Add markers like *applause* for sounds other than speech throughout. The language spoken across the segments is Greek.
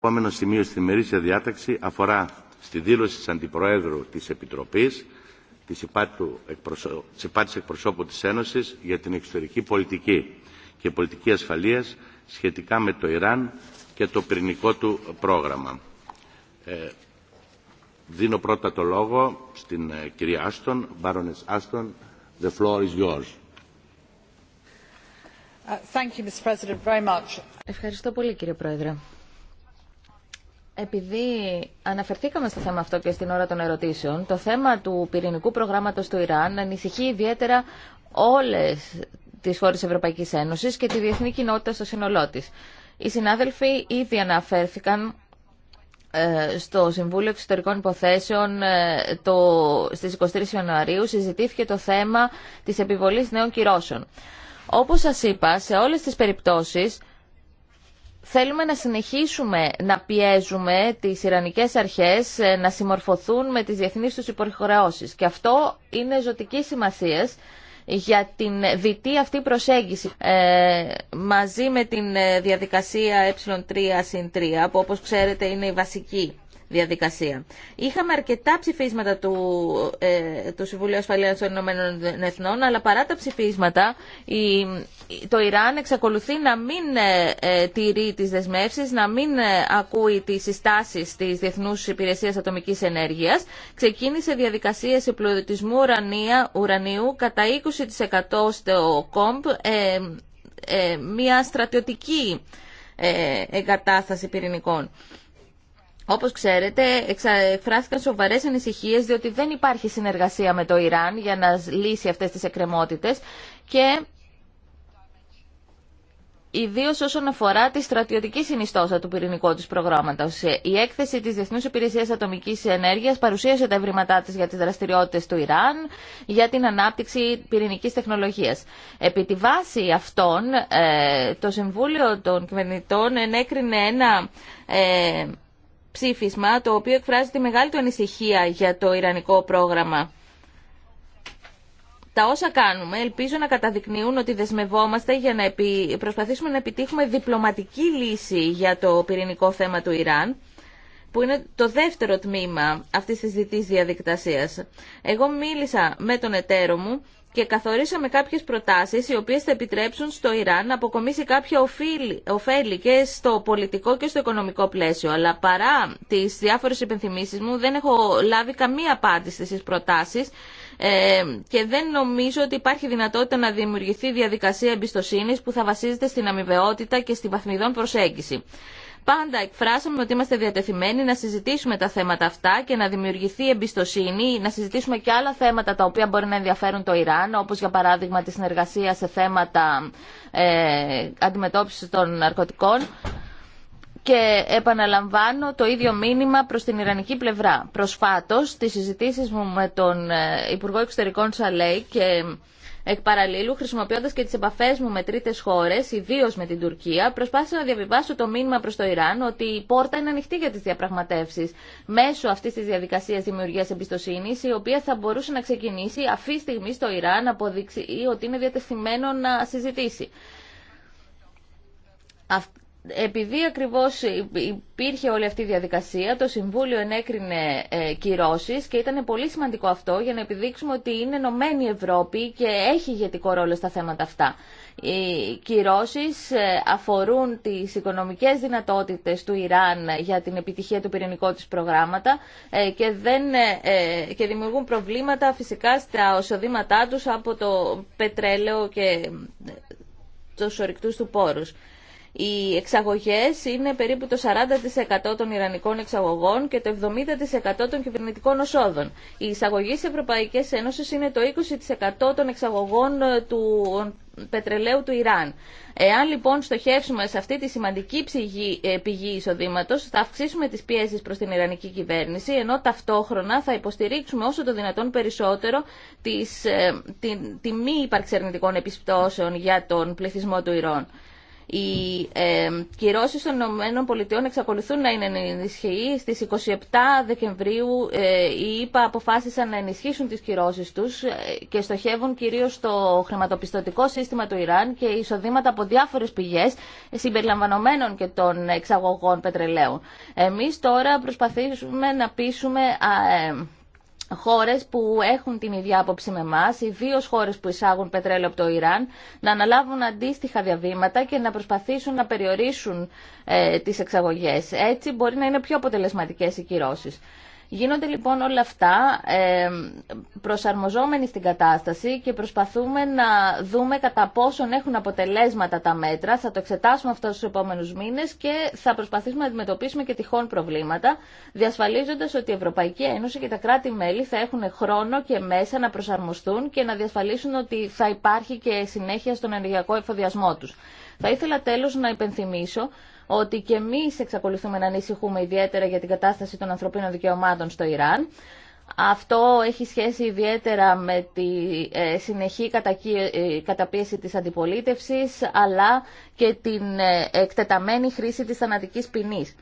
Το επόμενο σημείο στην ημερήσια διάταξη αφορά στη δήλωση της Αντιπροέδρου της Επιτροπής της υπάτου εκπροσώπου της Ένωσης για την εξωτερική πολιτική και πολιτική ασφαλείας σχετικά με το Ιράν και το πυρηνικό του πρόγραμμα. Ε, δίνω πρώτα το λόγο στην ε, κυρία Άστον, Baroness Άστον, the floor is yours. Uh, thank you, very much. Ευχαριστώ πολύ κύριε Πρόεδρε επειδή αναφερθήκαμε στο θέμα αυτό και στην ώρα των ερωτήσεων, το θέμα του πυρηνικού προγράμματος του Ιράν ανησυχεί ιδιαίτερα όλες τις χώρες Ευρωπαϊκής Ένωσης και τη διεθνή κοινότητα στο σύνολό τη. Οι συνάδελφοι ήδη αναφέρθηκαν ε, στο Συμβούλιο Εξωτερικών Υποθέσεων ε, το, στις 23 Ιανουαρίου συζητήθηκε το θέμα της επιβολής νέων κυρώσεων. Όπως σας είπα, σε όλες τις περιπτώσεις θέλουμε να συνεχίσουμε να πιέζουμε τις Ιρανικές αρχές ε, να συμμορφωθούν με τις διεθνείς τους υποχρεώσεις. Και αυτό είναι ζωτική σημασία για την διτή αυτή προσέγγιση ε, μαζί με την ε, διαδικασία ε3-3 που όπως ξέρετε είναι η βασική διαδικασία. Είχαμε αρκετά ψηφίσματα του, ε, του Συμβουλίου Ασφαλείας των Ηνωμένων Εθνών, αλλά παρά τα ψηφίσματα η, το Ιράν εξακολουθεί να μην ε, ε τηρεί τις δεσμεύσεις, να μην ε, ακούει τι συστάσει της διεθνού Υπηρεσία Ατομικής Ενέργειας. Ξεκίνησε διαδικασίε επλουτισμού ουρανίου κατά 20% στο ΚΟΜΠ, μια στρατιωτική εγκατάσταση πυρηνικών. Όπως ξέρετε, εκφράστηκαν σοβαρές ανησυχίες διότι δεν υπάρχει συνεργασία με το Ιράν για να λύσει αυτές τις εκκρεμότητες και ιδίω όσον αφορά τη στρατιωτική συνιστόσα του πυρηνικού του προγράμματο. Η έκθεση τη Διεθνού Υπηρεσία Ατομική Ενέργεια παρουσίασε τα ευρήματά τη για τι δραστηριότητε του Ιράν για την ανάπτυξη πυρηνική τεχνολογία. Επί τη βάση αυτών, ε, το Συμβούλιο των Κυβερνητών ενέκρινε ένα ε, ψήφισμα το οποίο εκφράζει τη μεγάλη του ανησυχία για το Ιρανικό πρόγραμμα. Τα όσα κάνουμε ελπίζω να καταδεικνύουν ότι δεσμευόμαστε για να προσπαθήσουμε να επιτύχουμε διπλωματική λύση για το πυρηνικό θέμα του Ιράν που είναι το δεύτερο τμήμα αυτής της διτής διαδικασίας. Εγώ μίλησα με τον εταίρο μου και καθορίσαμε κάποιες προτάσεις οι οποίες θα επιτρέψουν στο Ιράν να αποκομίσει κάποια ωφέλη και στο πολιτικό και στο οικονομικό πλαίσιο. Αλλά παρά τις διάφορες υπενθυμίσεις μου δεν έχω λάβει καμία απάντηση στις προτάσεις ε, και δεν νομίζω ότι υπάρχει δυνατότητα να δημιουργηθεί διαδικασία εμπιστοσύνης που θα βασίζεται στην αμοιβαιότητα και στη βαθμιδόν προσέγγιση πάντα εκφράσαμε ότι είμαστε διατεθειμένοι να συζητήσουμε τα θέματα αυτά και να δημιουργηθεί εμπιστοσύνη, να συζητήσουμε και άλλα θέματα τα οποία μπορεί να ενδιαφέρουν το Ιράν, όπως για παράδειγμα τη συνεργασία σε θέματα ε, αντιμετώπισης των ναρκωτικών. Και επαναλαμβάνω το ίδιο μήνυμα προς την Ιρανική πλευρά. Προσφάτως, στις συζητήσεις μου με τον ε, Υπουργό Εξωτερικών Σαλέη και Εκ παραλλήλου, χρησιμοποιώντα και τι επαφέ μου με τρίτε χώρε, ιδίω με την Τουρκία, προσπάθησα να διαβιβάσω το μήνυμα προ το Ιράν ότι η πόρτα είναι ανοιχτή για τι διαπραγματεύσει μέσω αυτή τη διαδικασία δημιουργία εμπιστοσύνη, η οποία θα μπορούσε να ξεκινήσει αυτή στιγμή στο Ιράν αποδείξει ότι είναι διατεθειμένο να συζητήσει επειδή ακριβώς υπήρχε όλη αυτή η διαδικασία, το Συμβούλιο ενέκρινε ε, κυρώσεις και ήταν πολύ σημαντικό αυτό για να επιδείξουμε ότι είναι ενωμένη η Ευρώπη και έχει ηγετικό ρόλο στα θέματα αυτά. Οι κυρώσεις ε, αφορούν τις οικονομικές δυνατότητες του Ιράν για την επιτυχία του πυρηνικού της προγράμματα ε, και, δεν, ε, και δημιουργούν προβλήματα φυσικά στα οσοδήματά τους από το πετρέλαιο και τους ορυκτούς του πόρους. Οι εξαγωγές είναι περίπου το 40% των Ιρανικών εξαγωγών και το 70% των κυβερνητικών οσόδων. Η εισαγωγή σε Ευρωπαϊκές Ένωση είναι το 20% των εξαγωγών ε, του πετρελαίου του Ιράν. Εάν λοιπόν στοχεύσουμε σε αυτή τη σημαντική ψυγή, ε, πηγή εισοδήματο, θα αυξήσουμε τι πιέσει προ την Ιρανική κυβέρνηση, ενώ ταυτόχρονα θα υποστηρίξουμε όσο το δυνατόν περισσότερο τις, ε, τη μη υπαρξερνητικών αρνητικών για τον πληθυσμό του Ιράν. Οι ε, κυρώσεις των ΗΠΑ εξακολουθούν να είναι ενισχυοί. Στις 27 Δεκεμβρίου ε, οι ΗΠΑ αποφάσισαν να ενισχύσουν τις κυρώσεις τους ε, και στοχεύουν κυρίως στο χρηματοπιστωτικό σύστημα του Ιράν και εισοδήματα από διάφορες πηγές συμπεριλαμβανομένων και των εξαγωγών πετρελαίου. Εμείς τώρα προσπαθήσουμε να πείσουμε χώρε που έχουν την ίδια άποψη με εμά, ιδίω χώρες που εισάγουν πετρέλαιο από το Ιράν, να αναλάβουν αντίστοιχα διαβήματα και να προσπαθήσουν να περιορίσουν ε, τις εξαγωγές. Έτσι μπορεί να είναι πιο αποτελεσματικές οι κυρώσεις. Γίνονται λοιπόν όλα αυτά ε, προσαρμοζόμενοι στην κατάσταση και προσπαθούμε να δούμε κατά πόσον έχουν αποτελέσματα τα μέτρα. Θα το εξετάσουμε αυτό στους επόμενους μήνες και θα προσπαθήσουμε να αντιμετωπίσουμε και τυχόν προβλήματα, διασφαλίζοντας ότι η Ευρωπαϊκή Ένωση και τα κράτη-μέλη θα έχουν χρόνο και μέσα να προσαρμοστούν και να διασφαλίσουν ότι θα υπάρχει και συνέχεια στον ενεργειακό εφοδιασμό τους. Θα ήθελα τέλος να υπενθυμίσω ότι και εμεί εξακολουθούμε να ανησυχούμε ιδιαίτερα για την κατάσταση των ανθρωπίνων δικαιωμάτων στο Ιράν. Αυτό έχει σχέση ιδιαίτερα με τη ε, συνεχή ε, καταπίεση της αντιπολίτευσης αλλά και την ε, εκτεταμένη χρήση της θανατικής ποινής.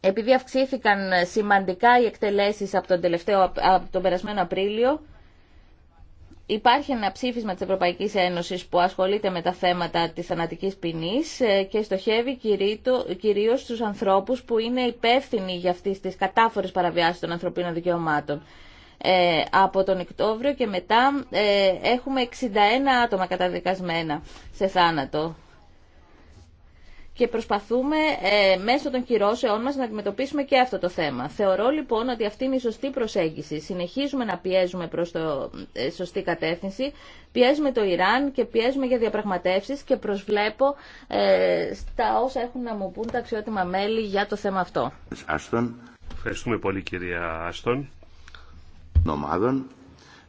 Επειδή αυξήθηκαν σημαντικά οι εκτελέσεις από τον, τελευταίο, από τον περασμένο Απρίλιο, Υπάρχει ένα ψήφισμα της Ευρωπαϊκής Ένωσης που ασχολείται με τα θέματα της θανατικής ποινής ε, και στοχεύει κυρίως στους ανθρώπους που είναι υπεύθυνοι για αυτές τις κατάφορες παραβιάσεις των ανθρωπίνων δικαιωμάτων. Ε, από τον Οκτώβριο και μετά ε, έχουμε 61 άτομα καταδικασμένα σε θάνατο και προσπαθούμε ε, μέσω των κυρώσεών μας να αντιμετωπίσουμε και αυτό το θέμα. Θεωρώ λοιπόν ότι αυτή είναι η σωστή προσέγγιση. Συνεχίζουμε να πιέζουμε προς τη ε, σωστή κατεύθυνση, πιέζουμε το Ιράν και πιέζουμε για διαπραγματεύσεις και προσβλέπω ε, στα όσα έχουν να μου πούν τα αξιότιμα μέλη για το θέμα αυτό. Άστον. Ευχαριστούμε πολύ κυρία Άστον. Νομάδων.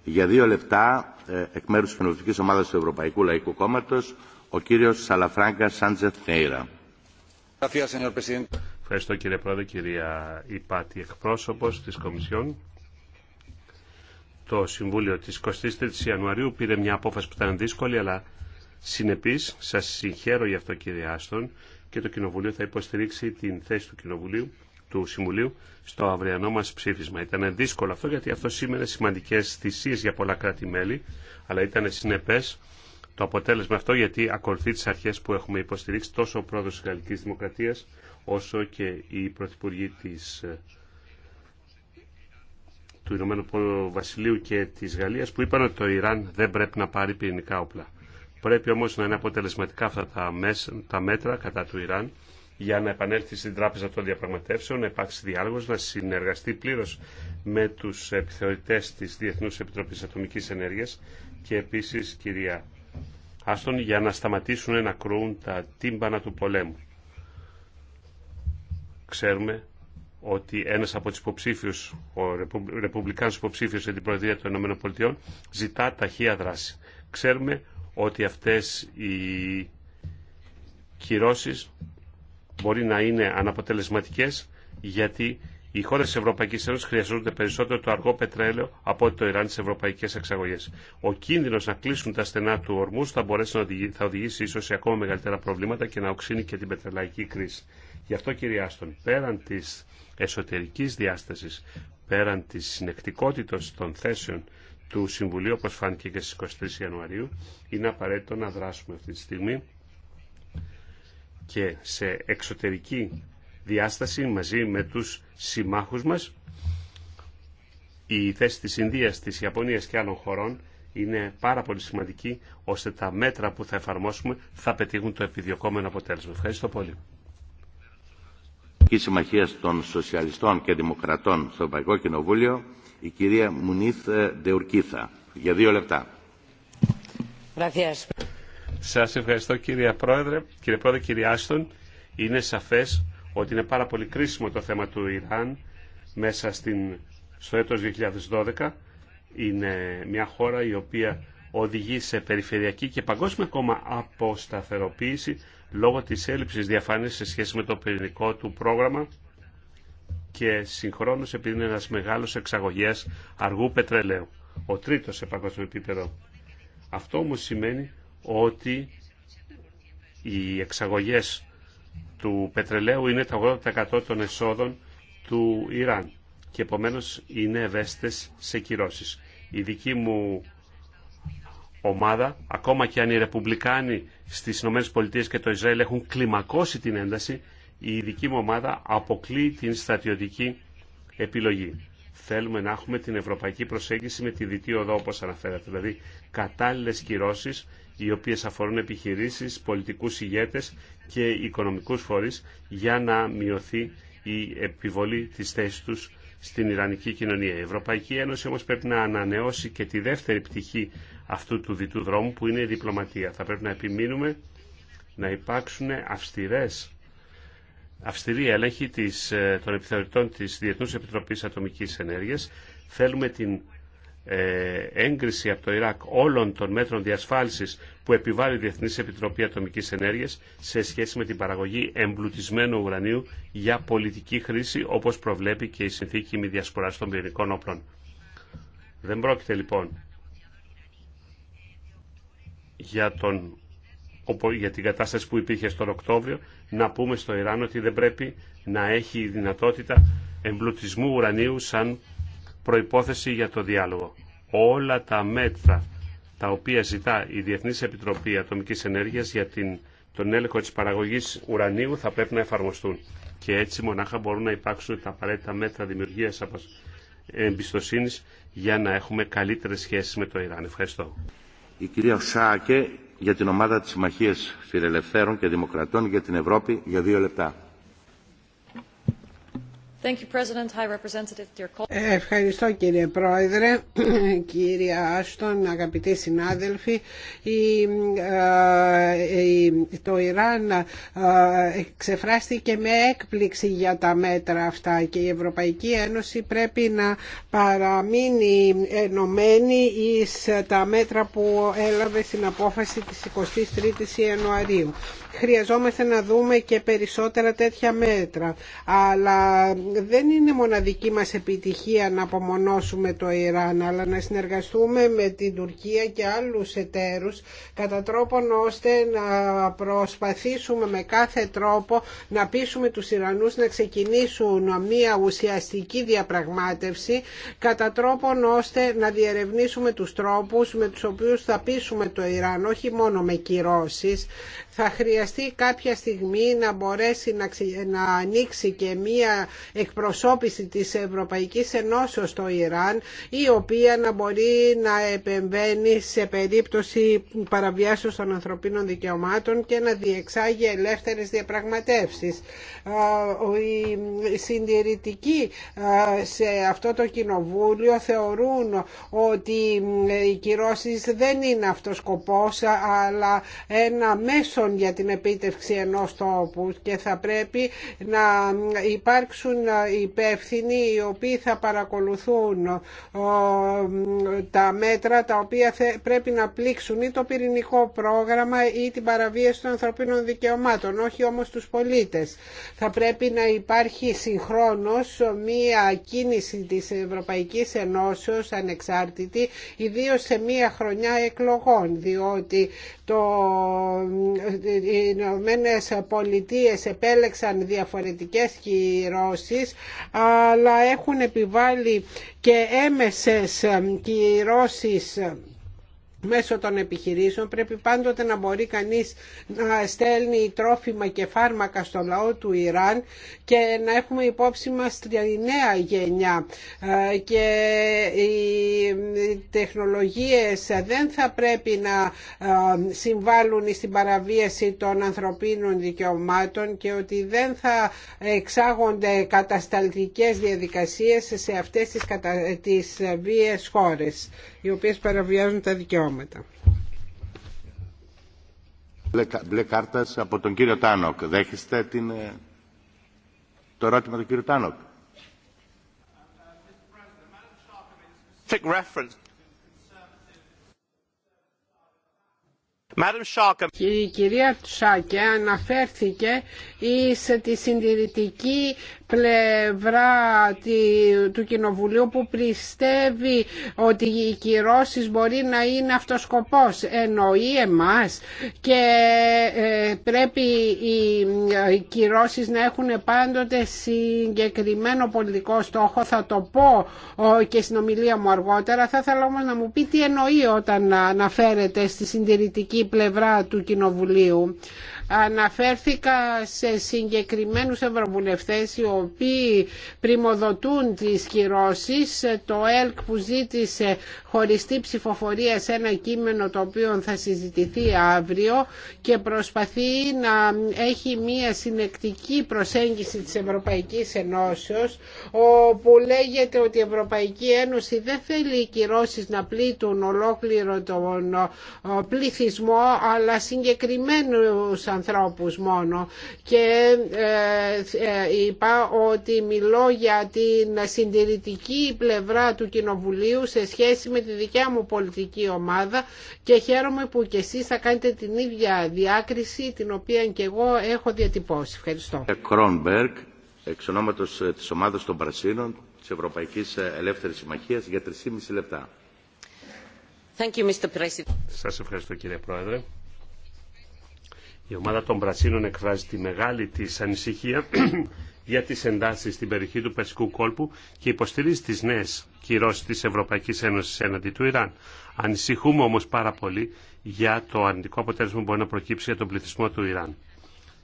Για δύο λεπτά, ε, εκ μέρους της Ομάδας του Ευρωπαϊκού Λαϊκού Κόμματος, ο κύριος Σαλαφράγκα Σάντζεθ Νέιρα. Ευχαριστώ κύριε Πρόεδρε, κυρία Υπάτη, εκπρόσωπος της Κομισιόν. Το Συμβούλιο της 23ης Ιανουαρίου πήρε μια απόφαση που ήταν δύσκολη, αλλά συνεπής. Σας συγχαίρω για αυτό κύριε Άστον και το Κοινοβουλίο θα υποστηρίξει την θέση του Κοινοβουλίου του Συμβουλίου στο αυριανό μας ψήφισμα. Ήταν δύσκολο αυτό γιατί αυτό σήμαινε σημαντικέ θυσίε για πολλά κράτη-μέλη, αλλά ήταν συνεπές το αποτέλεσμα αυτό γιατί ακολουθεί τι αρχέ που έχουμε υποστηρίξει τόσο ο πρόεδρο τη Γαλλική Δημοκρατία, όσο και η πρωθυπουργοί της, ε, του Ηνωμένου Βασιλείου και τη Γαλλία, που είπαν ότι το Ιράν δεν πρέπει να πάρει πυρηνικά όπλα. Πρέπει όμω να είναι αποτελεσματικά αυτά τα, μέτρα κατά του Ιράν για να επανέλθει στην Τράπεζα των Διαπραγματεύσεων, να υπάρξει διάλογο, να συνεργαστεί πλήρω με του επιθεωρητές τη Διεθνού Επιτροπή Ατομική Ενέργεια και επίση κυρία Άστον για να σταματήσουν να κρούν τα τύμπανα του πολέμου. Ξέρουμε ότι ένας από τους υποψήφιους, ο ρεπουμπλικάνος υποψήφιος για την Προεδρία των ΗΠΑ ζητά ταχεία δράση. Ξέρουμε ότι αυτές οι κυρώσεις μπορεί να είναι αναποτελεσματικές γιατί οι χώρε τη Ευρωπαϊκή Ένωση χρειαζόνται περισσότερο το αργό πετρέλαιο από ότι το Ιράν στι ευρωπαϊκέ εξαγωγέ. Ο κίνδυνο να κλείσουν τα στενά του ορμού θα, μπορέσει να οδηγήσει, θα ίσω σε ακόμα μεγαλύτερα προβλήματα και να οξύνει και την πετρελαϊκή κρίση. Γι' αυτό, κύριε Άστον, πέραν τη εσωτερική διάσταση, πέραν τη συνεκτικότητα των θέσεων του Συμβουλίου, όπω φάνηκε και στι 23 Ιανουαρίου, είναι απαραίτητο να δράσουμε αυτή τη στιγμή και σε εξωτερική διάσταση μαζί με τους συμμάχους μας. Η θέση της Ινδίας, της Ιαπωνίας και άλλων χωρών είναι πάρα πολύ σημαντική ώστε τα μέτρα που θα εφαρμόσουμε θα πετύχουν το επιδιωκόμενο αποτέλεσμα. Ευχαριστώ πολύ. Η Συμμαχία των Σοσιαλιστών και Δημοκρατών στο Ευρωπαϊκό Κοινοβούλιο, η κυρία Μουνίθ Ντεουρκίθα. Για λεπτά. Σας ευχαριστώ κύριε Πρόεδρε. Κύριε Πρόεδρε, κύριε Άστον, είναι σαφές ότι είναι πάρα πολύ κρίσιμο το θέμα του Ιράν μέσα στην, στο έτος 2012. Είναι μια χώρα η οποία οδηγεί σε περιφερειακή και παγκόσμια ακόμα αποσταθεροποίηση λόγω της έλλειψης διαφάνειας σε σχέση με το πυρηνικό του πρόγραμμα και συγχρόνως επειδή είναι ένας μεγάλος εξαγωγέας αργού πετρελαίου. Ο τρίτος σε παγκόσμιο επίπεδο. Αυτό όμως σημαίνει ότι οι εξαγωγές του πετρελαίου είναι το 80% των εσόδων του Ιράν και επομένως είναι ευαίσθητε σε κυρώσεις. Η δική μου ομάδα, ακόμα και αν οι Ρεπουμπλικάνοι στις ΗΠΑ και το Ισραήλ έχουν κλιμακώσει την ένταση, η δική μου ομάδα αποκλεί την στρατιωτική επιλογή. Θέλουμε να έχουμε την ευρωπαϊκή προσέγγιση με τη δυτή οδό όπως αναφέρατε, δηλαδή κατάλληλε κυρώσει οι οποίες αφορούν επιχειρήσεις, πολιτικούς ηγέτες και οικονομικούς φορείς για να μειωθεί η επιβολή της θέσης τους στην Ιρανική κοινωνία. Η Ευρωπαϊκή Ένωση όμως πρέπει να ανανεώσει και τη δεύτερη πτυχή αυτού του διτού δρόμου που είναι η διπλωματία. Θα πρέπει να επιμείνουμε να υπάρξουν αυστηρές αυστηρή έλεγχη ε, των επιθεωρητών της Διεθνούς Επιτροπής Ατομικής Ενέργειας. Ε, έγκριση από το Ιράκ όλων των μέτρων διασφάλισης που επιβάλλει η Διεθνής Επιτροπή Ατομικής Ενέργειας σε σχέση με την παραγωγή εμπλουτισμένου ουρανίου για πολιτική χρήση όπως προβλέπει και η συνθήκη μη διασποράς των πυρηνικών όπλων. Δεν πρόκειται λοιπόν για, τον, για την κατάσταση που υπήρχε στον Οκτώβριο να πούμε στο Ιράν ότι δεν πρέπει να έχει δυνατότητα εμπλουτισμού ουρανίου σαν προϋπόθεση για το διάλογο. Όλα τα μέτρα τα οποία ζητά η Διεθνής Επιτροπή Ατομικής Ενέργειας για την, τον έλεγχο της παραγωγής ουρανίου θα πρέπει να εφαρμοστούν. Και έτσι μονάχα μπορούν να υπάρξουν τα απαραίτητα μέτρα δημιουργίας εμπιστοσύνης για να έχουμε καλύτερες σχέσεις με το Ιράν. Ευχαριστώ. Η κυρία Σάκε για την ομάδα της Συμμαχίας Φιλελευθέρων και Δημοκρατών για την Ευρώπη για δύο λεπτά. Ε, ευχαριστώ κύριε Πρόεδρε, *clears throat* κύριε Άστον, αγαπητοί συνάδελφοι. Η, ε, το Ιράν ε, εξεφράστηκε με έκπληξη για τα μέτρα αυτά και η Ευρωπαϊκή Ένωση πρέπει να παραμείνει ενωμένη εις τα μέτρα που έλαβε στην απόφαση της 23ης Ιανουαρίου χρειαζόμαστε να δούμε και περισσότερα τέτοια μέτρα. Αλλά δεν είναι μοναδική μας επιτυχία να απομονώσουμε το Ιράν, αλλά να συνεργαστούμε με την Τουρκία και άλλους εταίρους κατά τρόπον ώστε να προσπαθήσουμε με κάθε τρόπο να πείσουμε τους Ιρανούς να ξεκινήσουν μια ουσιαστική διαπραγμάτευση κατά τρόπον ώστε να διερευνήσουμε τους τρόπους με τους οποίους θα πείσουμε το Ιράν, όχι μόνο με κυρώσεις, θα χρειαστεί κάποια στιγμή να μπορέσει να ανοίξει και μία εκπροσώπηση της Ευρωπαϊκής Ενώσεως στο Ιράν η οποία να μπορεί να επεμβαίνει σε περίπτωση παραβιάσεως των ανθρωπίνων δικαιωμάτων και να διεξάγει ελεύθερες διαπραγματεύσεις. Οι συντηρητικοί σε αυτό το κοινοβούλιο θεωρούν ότι οι κυρώσεις δεν είναι αυτός σκοπός αλλά ένα μέσο για την επίτευξη ενός τόπου και θα πρέπει να υπάρξουν υπεύθυνοι οι οποίοι θα παρακολουθούν τα μέτρα τα οποία πρέπει να πλήξουν ή το πυρηνικό πρόγραμμα ή την παραβίαση των ανθρωπίνων δικαιωμάτων, όχι όμως τους πολίτες. Θα πρέπει να υπάρχει συγχρόνως μία κίνηση της Ευρωπαϊκής Ενώσεως ανεξάρτητη, ιδίως σε μία χρονιά εκλογών, διότι το οι Ηνωμένε Πολιτείε επέλεξαν διαφορετικές κυρώσεις αλλά έχουν επιβάλει και έμεσες κυρώσεις μέσω των επιχειρήσεων πρέπει πάντοτε να μπορεί κανείς να στέλνει τρόφιμα και φάρμακα στο λαό του Ιράν και να έχουμε υπόψη μας τη νέα γενιά ε, και οι τεχνολογίες δεν θα πρέπει να ε, συμβάλλουν στην παραβίαση των ανθρωπίνων δικαιωμάτων και ότι δεν θα εξάγονται κατασταλτικές διαδικασίες σε αυτές τις ε, βίες χώρες οι οποίες παραβιάζουν τα δικαιώματα. Μπλε κάρτας από τον κύριο Τάνοκ. Δέχεστε την... Ε, το ερώτημα του κύριου Τάνοκ. Η κυρία Τσάκε αναφέρθηκε σε τη συντηρητική πλευρά του Κοινοβουλίου που πιστεύει ότι οι κυρώσεις μπορεί να είναι αυτός σκοπός. Εννοεί εμάς και ε, πρέπει οι ε, κυρώσεις να έχουν πάντοτε συγκεκριμένο πολιτικό στόχο. Θα το πω και στην ομιλία μου αργότερα. Θα ήθελα όμως να μου πει τι εννοεί όταν αναφέρεται στη συντηρητική πλευρά του Κοινοβουλίου. Αναφέρθηκα σε συγκεκριμένους ευρωβουλευτές οι οποίοι πριμοδοτούν τις κυρώσεις. Το ΕΛΚ που ζήτησε χωριστή ψηφοφορία σε ένα κείμενο το οποίο θα συζητηθεί αύριο και προσπαθεί να έχει μία συνεκτική προσέγγιση της Ευρωπαϊκής Ενώσεως όπου λέγεται ότι η Ευρωπαϊκή Ένωση δεν θέλει οι κυρώσεις να πλήττουν ολόκληρο τον ε, πληθυσμό αλλά συγκεκριμένους ανθρώπους ανθρώπους μόνο και ε, ε, είπα ότι μιλώ για την συντηρητική πλευρά του Κοινοβουλίου σε σχέση με τη δικιά μου πολιτική ομάδα και χαίρομαι που και εσείς θα κάνετε την ίδια διάκριση την οποία και εγώ έχω διατυπώσει. Ευχαριστώ. Ε, Κρόνμπεργκ, εξ ονόματος της ομάδας των Πρασίνων της Ευρωπαϊκής Ελεύθερης Συμμαχίας για 3,5 λεπτά. Thank you, Mr. President. Σας ευχαριστώ κύριε Πρόεδρε. Η ομάδα των Πρασίνων εκφράζει τη μεγάλη της ανησυχία *clears throat* για τις εντάσεις στην περιοχή του Περσικού κόλπου και υποστηρίζει τις νέες κυρώσεις της Ευρωπαϊκής Ένωσης έναντι του Ιράν. Ανησυχούμε όμως πάρα πολύ για το αρνητικό αποτέλεσμα που μπορεί να προκύψει για τον πληθυσμό του Ιράν.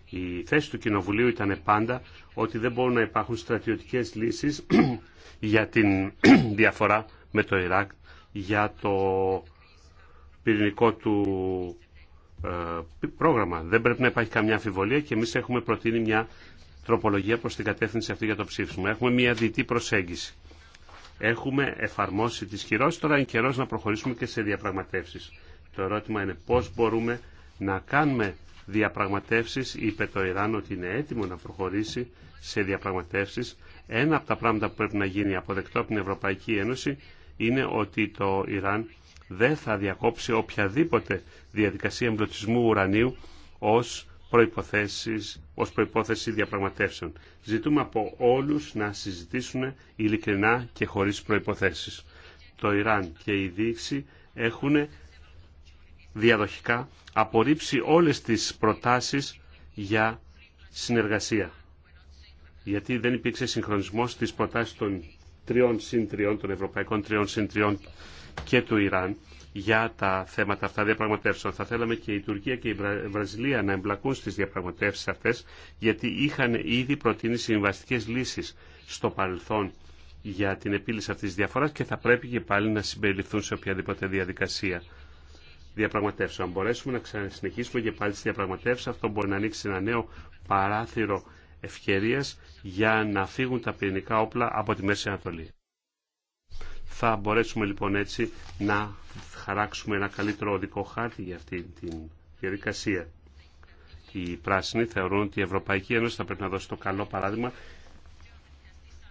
Η θέση του Κοινοβουλίου ήταν πάντα ότι δεν μπορούν να υπάρχουν στρατιωτικές λύσεις *clears throat* για την *clears throat* διαφορά με το Ιράκ για το πυρηνικό του ε, πρόγραμμα. Δεν πρέπει να υπάρχει καμιά αμφιβολία και εμεί έχουμε προτείνει μια τροπολογία προ την κατεύθυνση αυτή για το ψήφισμα. Έχουμε μια διτή προσέγγιση. Έχουμε εφαρμόσει τι κυρώσει. τώρα είναι καιρό να προχωρήσουμε και σε διαπραγματεύσει. Το ερώτημα είναι πώ μπορούμε να κάνουμε διαπραγματεύσεις. Είπε το Ιράν ότι είναι έτοιμο να προχωρήσει σε διαπραγματεύσεις. Ένα από τα πράγματα που πρέπει να γίνει αποδεκτό από την Ευρωπαϊκή Ένωση είναι ότι το Ιράν δεν θα διακόψει οποιαδήποτε διαδικασία εμπλουτισμού ουρανίου ως, προϋποθέσεις, ως προϋπόθεση διαπραγματεύσεων. Ζητούμε από όλους να συζητήσουν ειλικρινά και χωρίς προϋποθέσεις. Το Ιράν και η Δίξη έχουν διαδοχικά απορρίψει όλες τις προτάσεις για συνεργασία. Γιατί δεν υπήρξε συγχρονισμός στις προτάσεις των τριών συν των ευρωπαϊκών τριών συντριών και του Ιράν για τα θέματα αυτά διαπραγματεύσεων. Θα θέλαμε και η Τουρκία και η Βραζιλία να εμπλακούν στις διαπραγματεύσεις αυτές, γιατί είχαν ήδη προτείνει συμβαστικές λύσεις στο παρελθόν για την επίλυση αυτής της διαφοράς και θα πρέπει και πάλι να συμπεριληφθούν σε οποιαδήποτε διαδικασία διαπραγματεύσεων. Αν μπορέσουμε να ξανασυνεχίσουμε και πάλι τις διαπραγματεύσεις, αυτό μπορεί να ανοίξει ένα νέο παράθυρο ευκαιρίας για να φύγουν τα πυρηνικά όπλα από τη Μέση Ανατολή. Θα μπορέσουμε λοιπόν έτσι να χαράξουμε ένα καλύτερο οδικό χάρτη για αυτή την διαδικασία. Οι πράσινοι θεωρούν ότι η Ευρωπαϊκή Ένωση θα πρέπει να δώσει το καλό παράδειγμα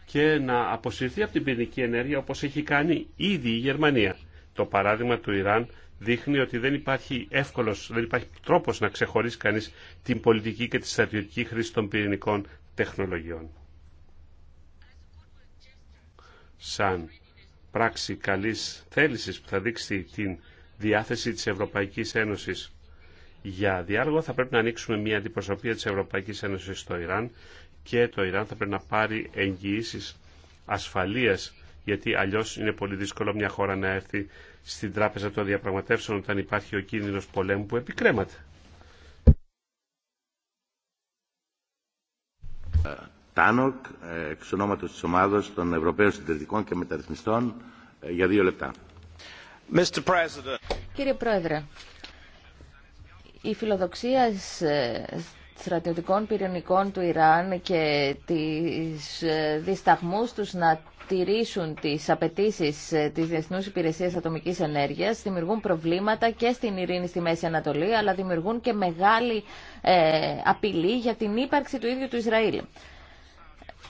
και να αποσυρθεί από την πυρηνική ενέργεια όπως έχει κάνει ήδη η Γερμανία. Το παράδειγμα του Ιράν δείχνει ότι δεν υπάρχει εύκολος, δεν υπάρχει τρόπος να ξεχωρίσει κανείς την πολιτική και τη στρατιωτική χρήση των πυρηνικών τεχνολογιών πράξη καλής θέλησης που θα δείξει την διάθεση της Ευρωπαϊκής Ένωσης για διάλογο θα πρέπει να ανοίξουμε μια αντιπροσωπεία της Ευρωπαϊκής Ένωσης στο Ιράν και το Ιράν θα πρέπει να πάρει εγγυήσει ασφαλείας γιατί αλλιώς είναι πολύ δύσκολο μια χώρα να έρθει στην τράπεζα των διαπραγματεύσεων όταν υπάρχει ο κίνδυνος πολέμου που επικρέμαται. Τάνοκ, εξ ονόματος της ομάδος των Ευρωπαίων Συντηρητικών και Μεταρρυθμιστών, ε, για δύο λεπτά. Κύριε Πρόεδρε, η φιλοδοξία ε, στρατιωτικών πυρηνικών του Ιράν και τις ε, δισταγμούς τους να τηρήσουν τις απαιτήσεις της Διεθνούς Υπηρεσίας Ατομικής Ενέργειας δημιουργούν προβλήματα και στην ειρήνη στη Μέση Ανατολή αλλά δημιουργούν και μεγάλη απειλή για την ύπαρξη του ίδιου του Ισραήλ.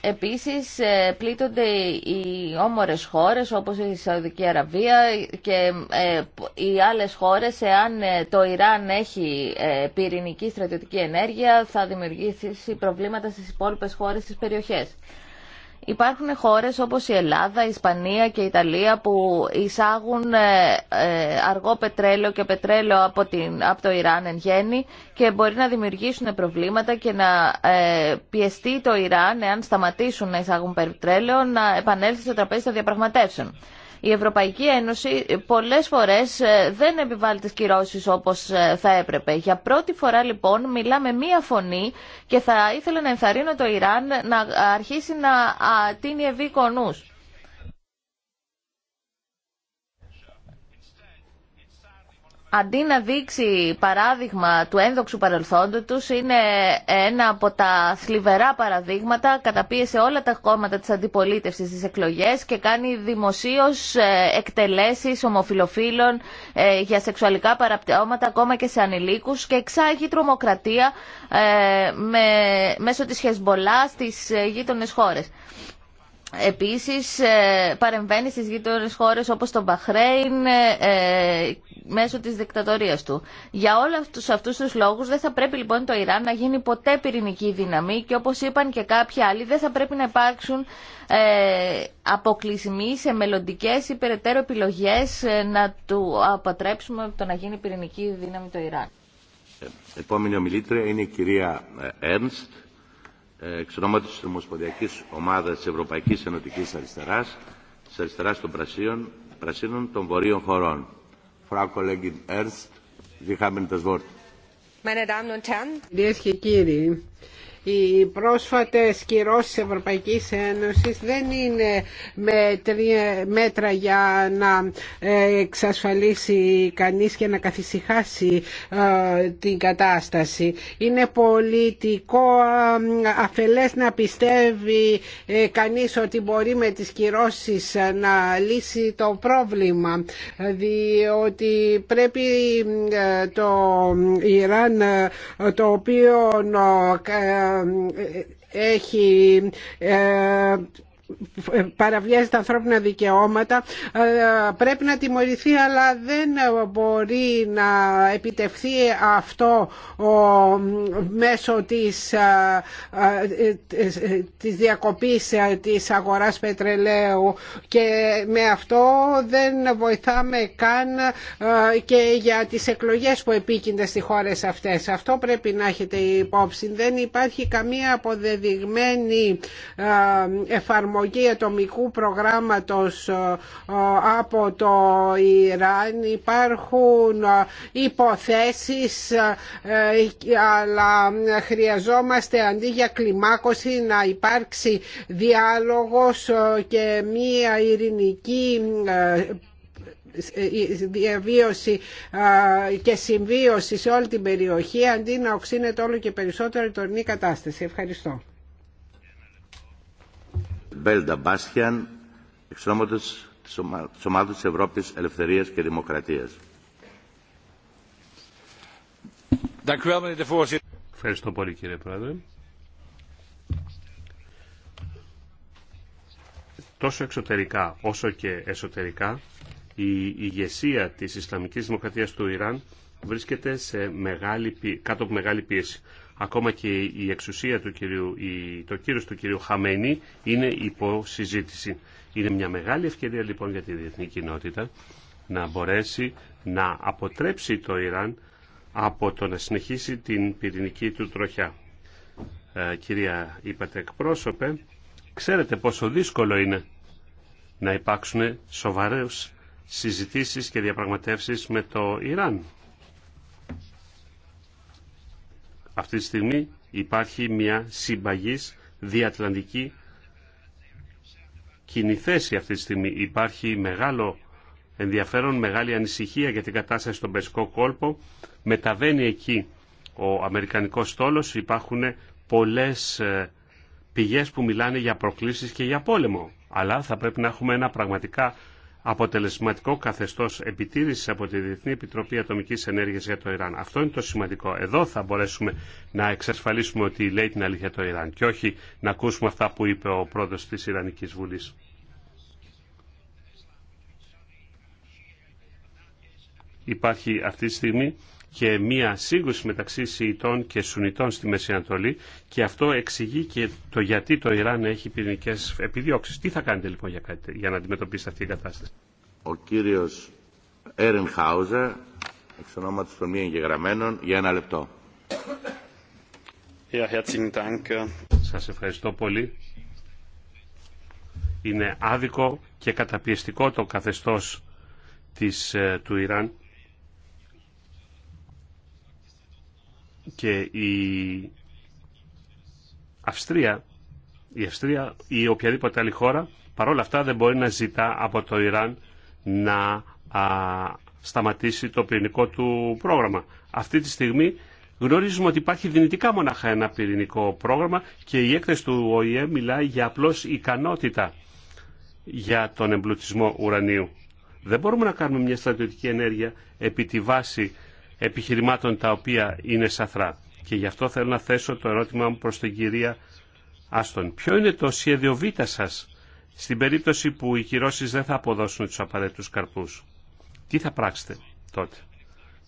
Επίσης ε, πλήττονται οι όμορες χώρες όπως η Σαουδική Αραβία και ε, οι άλλες χώρες εάν ε, το Ιράν έχει πυρηνική στρατιωτική ενέργεια θα δημιουργήσει προβλήματα στις υπόλοιπες χώρες της περιοχές. Υπάρχουν χώρες όπως η Ελλάδα, η Ισπανία και η Ιταλία που εισάγουν ε, ε, αργό πετρέλαιο και πετρέλαιο από, την, από το Ιράν εν γέννη και μπορεί να δημιουργήσουν προβλήματα και να ε, πιεστεί το Ιράν, εάν σταματήσουν να εισάγουν πετρέλαιο, να επανέλθει στο τραπέζι των διαπραγματεύσεων η Ευρωπαϊκή Ένωση πολλές φορές ε, δεν επιβάλλει τις κυρώσεις όπως ε, θα έπρεπε. Για πρώτη φορά λοιπόν μιλάμε μία φωνή και θα ήθελα να ενθαρρύνω το Ιράν να αρχίσει να τίνει ευήκονους. αντί να δείξει παράδειγμα του ένδοξου παρελθόντου τους, είναι ένα από τα θλιβερά παραδείγματα, καταπίεσε όλα τα κόμματα της αντιπολίτευσης στις εκλογές και κάνει δημοσίως ε, εκτελέσεις ομοφιλοφίλων ε, για σεξουαλικά παραπτώματα ακόμα και σε ανηλίκους και εξάγει τρομοκρατία ε, με, μέσω της Χεσμπολά στις γείτονες χώρες. Επίσης ε, παρεμβαίνει στις γείτονες χώρες όπως το Μπαχρέιν ε, ε, μέσω της δικτατορίας του. Για όλους αυτούς τους λόγους δεν θα πρέπει λοιπόν το Ιράν να γίνει ποτέ πυρηνική δύναμη και όπως είπαν και κάποιοι άλλοι δεν θα πρέπει να υπάρξουν αποκλεισμοί σε μελλοντικέ ή περαιτέρω επιλογές να του αποτρέψουμε το να γίνει πυρηνική δύναμη το Ιράν. Επόμενη ομιλήτρια είναι η κυρία ε, εξ της Ομοσπονδιακής Ομάδας της Ευρωπαϊκής Ενωτικής Αριστεράς, της Αριστεράς των Πρασίων, Πρασίνων των Βορείων Χωρών. Frau Kollegin Ernst, Sie haben das Wort. Damen und Herren, οι πρόσφατες κυρώσεις Ευρωπαϊκής Ένωσης δεν είναι μέτρα για να ε, εξασφαλίσει κανείς και να καθησυχάσει ε, την κατάσταση. Είναι πολιτικό ε, αφελές να πιστεύει κανείς ότι μπορεί με τις κυρώσεις να λύσει το πρόβλημα διότι πρέπει το Ιράν το οποίο ε, ε, ε, έχει παραβιάζει τα ανθρώπινα δικαιώματα ε, πρέπει να τιμωρηθεί αλλά δεν μπορεί να επιτευχθεί αυτό μέσω της, ε, ε, της διακοπής της αγοράς πετρελαίου και με αυτό δεν βοηθάμε καν και για τις εκλογές που επίκυνται στις χώρες αυτές. Αυτό πρέπει να έχετε υπόψη. Δεν υπάρχει καμία αποδεδειγμένη εφαρμογή εφαρμογή ατομικού προγράμματος ε, ε, από το Ιράν υπάρχουν ε, υποθέσεις αλλά χρειαζόμαστε αντί για κλιμάκωση να υπάρξει διάλογος και μία ειρηνική διαβίωση και συμβίωση σε όλη την περιοχή αντί να οξύνεται όλο και περισσότερο η τωρινή κατάσταση. Ευχαριστώ. Μπέλντα Μπάστιαν, εξ της της Ευρώπης Ελευθερίας και Δημοκρατίας. Ευχαριστώ πολύ κύριε Πρόεδρε. Τόσο εξωτερικά όσο και εσωτερικά η ηγεσία της Ισλαμικής Δημοκρατίας του Ιράν βρίσκεται σε μεγάλη, κάτω από μεγάλη πίεση ακόμα και η εξουσία του κυρίου, το κύρος του κυρίου Χαμένη είναι υπό συζήτηση. Είναι μια μεγάλη ευκαιρία λοιπόν για τη διεθνή κοινότητα να μπορέσει να αποτρέψει το Ιράν από το να συνεχίσει την πυρηνική του τροχιά. Ε, κυρία είπατε εκπρόσωπε, ξέρετε πόσο δύσκολο είναι να υπάρξουν σοβαρές συζητήσεις και διαπραγματεύσεις με το Ιράν. Αυτή τη στιγμή υπάρχει μια συμπαγής διατλαντική κοινή θέση αυτή τη στιγμή. Υπάρχει μεγάλο ενδιαφέρον, μεγάλη ανησυχία για την κατάσταση στον Περσικό κόλπο. Μεταβαίνει εκεί ο Αμερικανικός στόλος, υπάρχουν πολλές ε, πηγές που μιλάνε για προκλήσεις και για πόλεμο. Αλλά θα πρέπει να έχουμε ένα πραγματικά αποτελεσματικό καθεστώς επιτήρησης από τη Διεθνή Επιτροπή Ατομικής Ενέργειας για το Ιράν. Αυτό είναι το σημαντικό. Εδώ θα μπορέσουμε να εξασφαλίσουμε ότι λέει την αλήθεια το Ιράν και όχι να ακούσουμε αυτά που είπε ο πρόεδρος της Ιρανικής Βουλής. Υπάρχει αυτή τη στιγμή και μία σύγκρουση μεταξύ Σιητών και Σουνιτών στη Μέση Ανατολή και αυτό εξηγεί και το γιατί το Ιράν έχει πυρηνικέ επιδιώξει. Τι θα κάνετε λοιπόν για, κάτι, για να αντιμετωπίσετε αυτή η κατάσταση. Ο κύριο Έρεν εξ ονόματο των μη εγγεγραμμένων, για ένα λεπτό. Σας ευχαριστώ πολύ. Είναι άδικο και καταπιεστικό το καθεστώς της, ε, του Ιράν και η Αυστρία, η Αυστρία ή οποιαδήποτε άλλη χώρα, παρόλα αυτά δεν μπορεί να ζητά από το Ιράν να α, σταματήσει το πυρηνικό του πρόγραμμα. Αυτή τη στιγμή γνωρίζουμε ότι υπάρχει δυνητικά μονάχα ένα πυρηνικό πρόγραμμα και η έκθεση του ΟΗΕ μιλάει για απλώς ικανότητα για τον εμπλουτισμό ουρανίου. Δεν μπορούμε να κάνουμε μια στρατιωτική ενέργεια επί τη βάση επιχειρημάτων τα οποία είναι σαθρά. Και γι' αυτό θέλω να θέσω το ερώτημά μου προς την κυρία Άστον. Ποιο είναι το σχέδιο Β σας στην περίπτωση που οι κυρώσεις δεν θα αποδώσουν τους απαραίτητους καρπούς. Τι θα πράξετε τότε.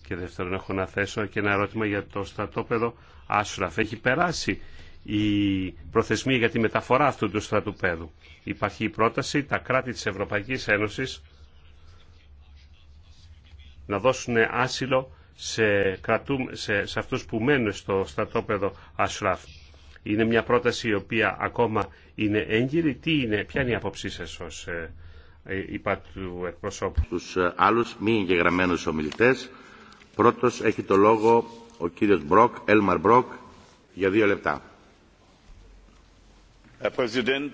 Και δεύτερον έχω να θέσω και ένα ερώτημα για το στρατόπεδο Άσουραφ. Έχει περάσει η προθεσμία για τη μεταφορά αυτού του στρατοπέδου. Υπάρχει η πρόταση τα κράτη της Ευρωπαϊκής Ένωσης να δώσουν άσυλο σε, κρατού, σε, σε αυτούς που μένουν στο στρατόπεδο Ασράφ. Είναι μια πρόταση η οποία ακόμα είναι έγκυρη. Τι είναι, ποια είναι η άποψή σας ως ε, είπα του εκπροσώπου. Τους ε, άλλους μη εγγεγραμμένους ομιλητές. Πρώτος έχει το λόγο ο κύριος Μπροκ, Έλμαρ Μπροκ, για δύο λεπτά.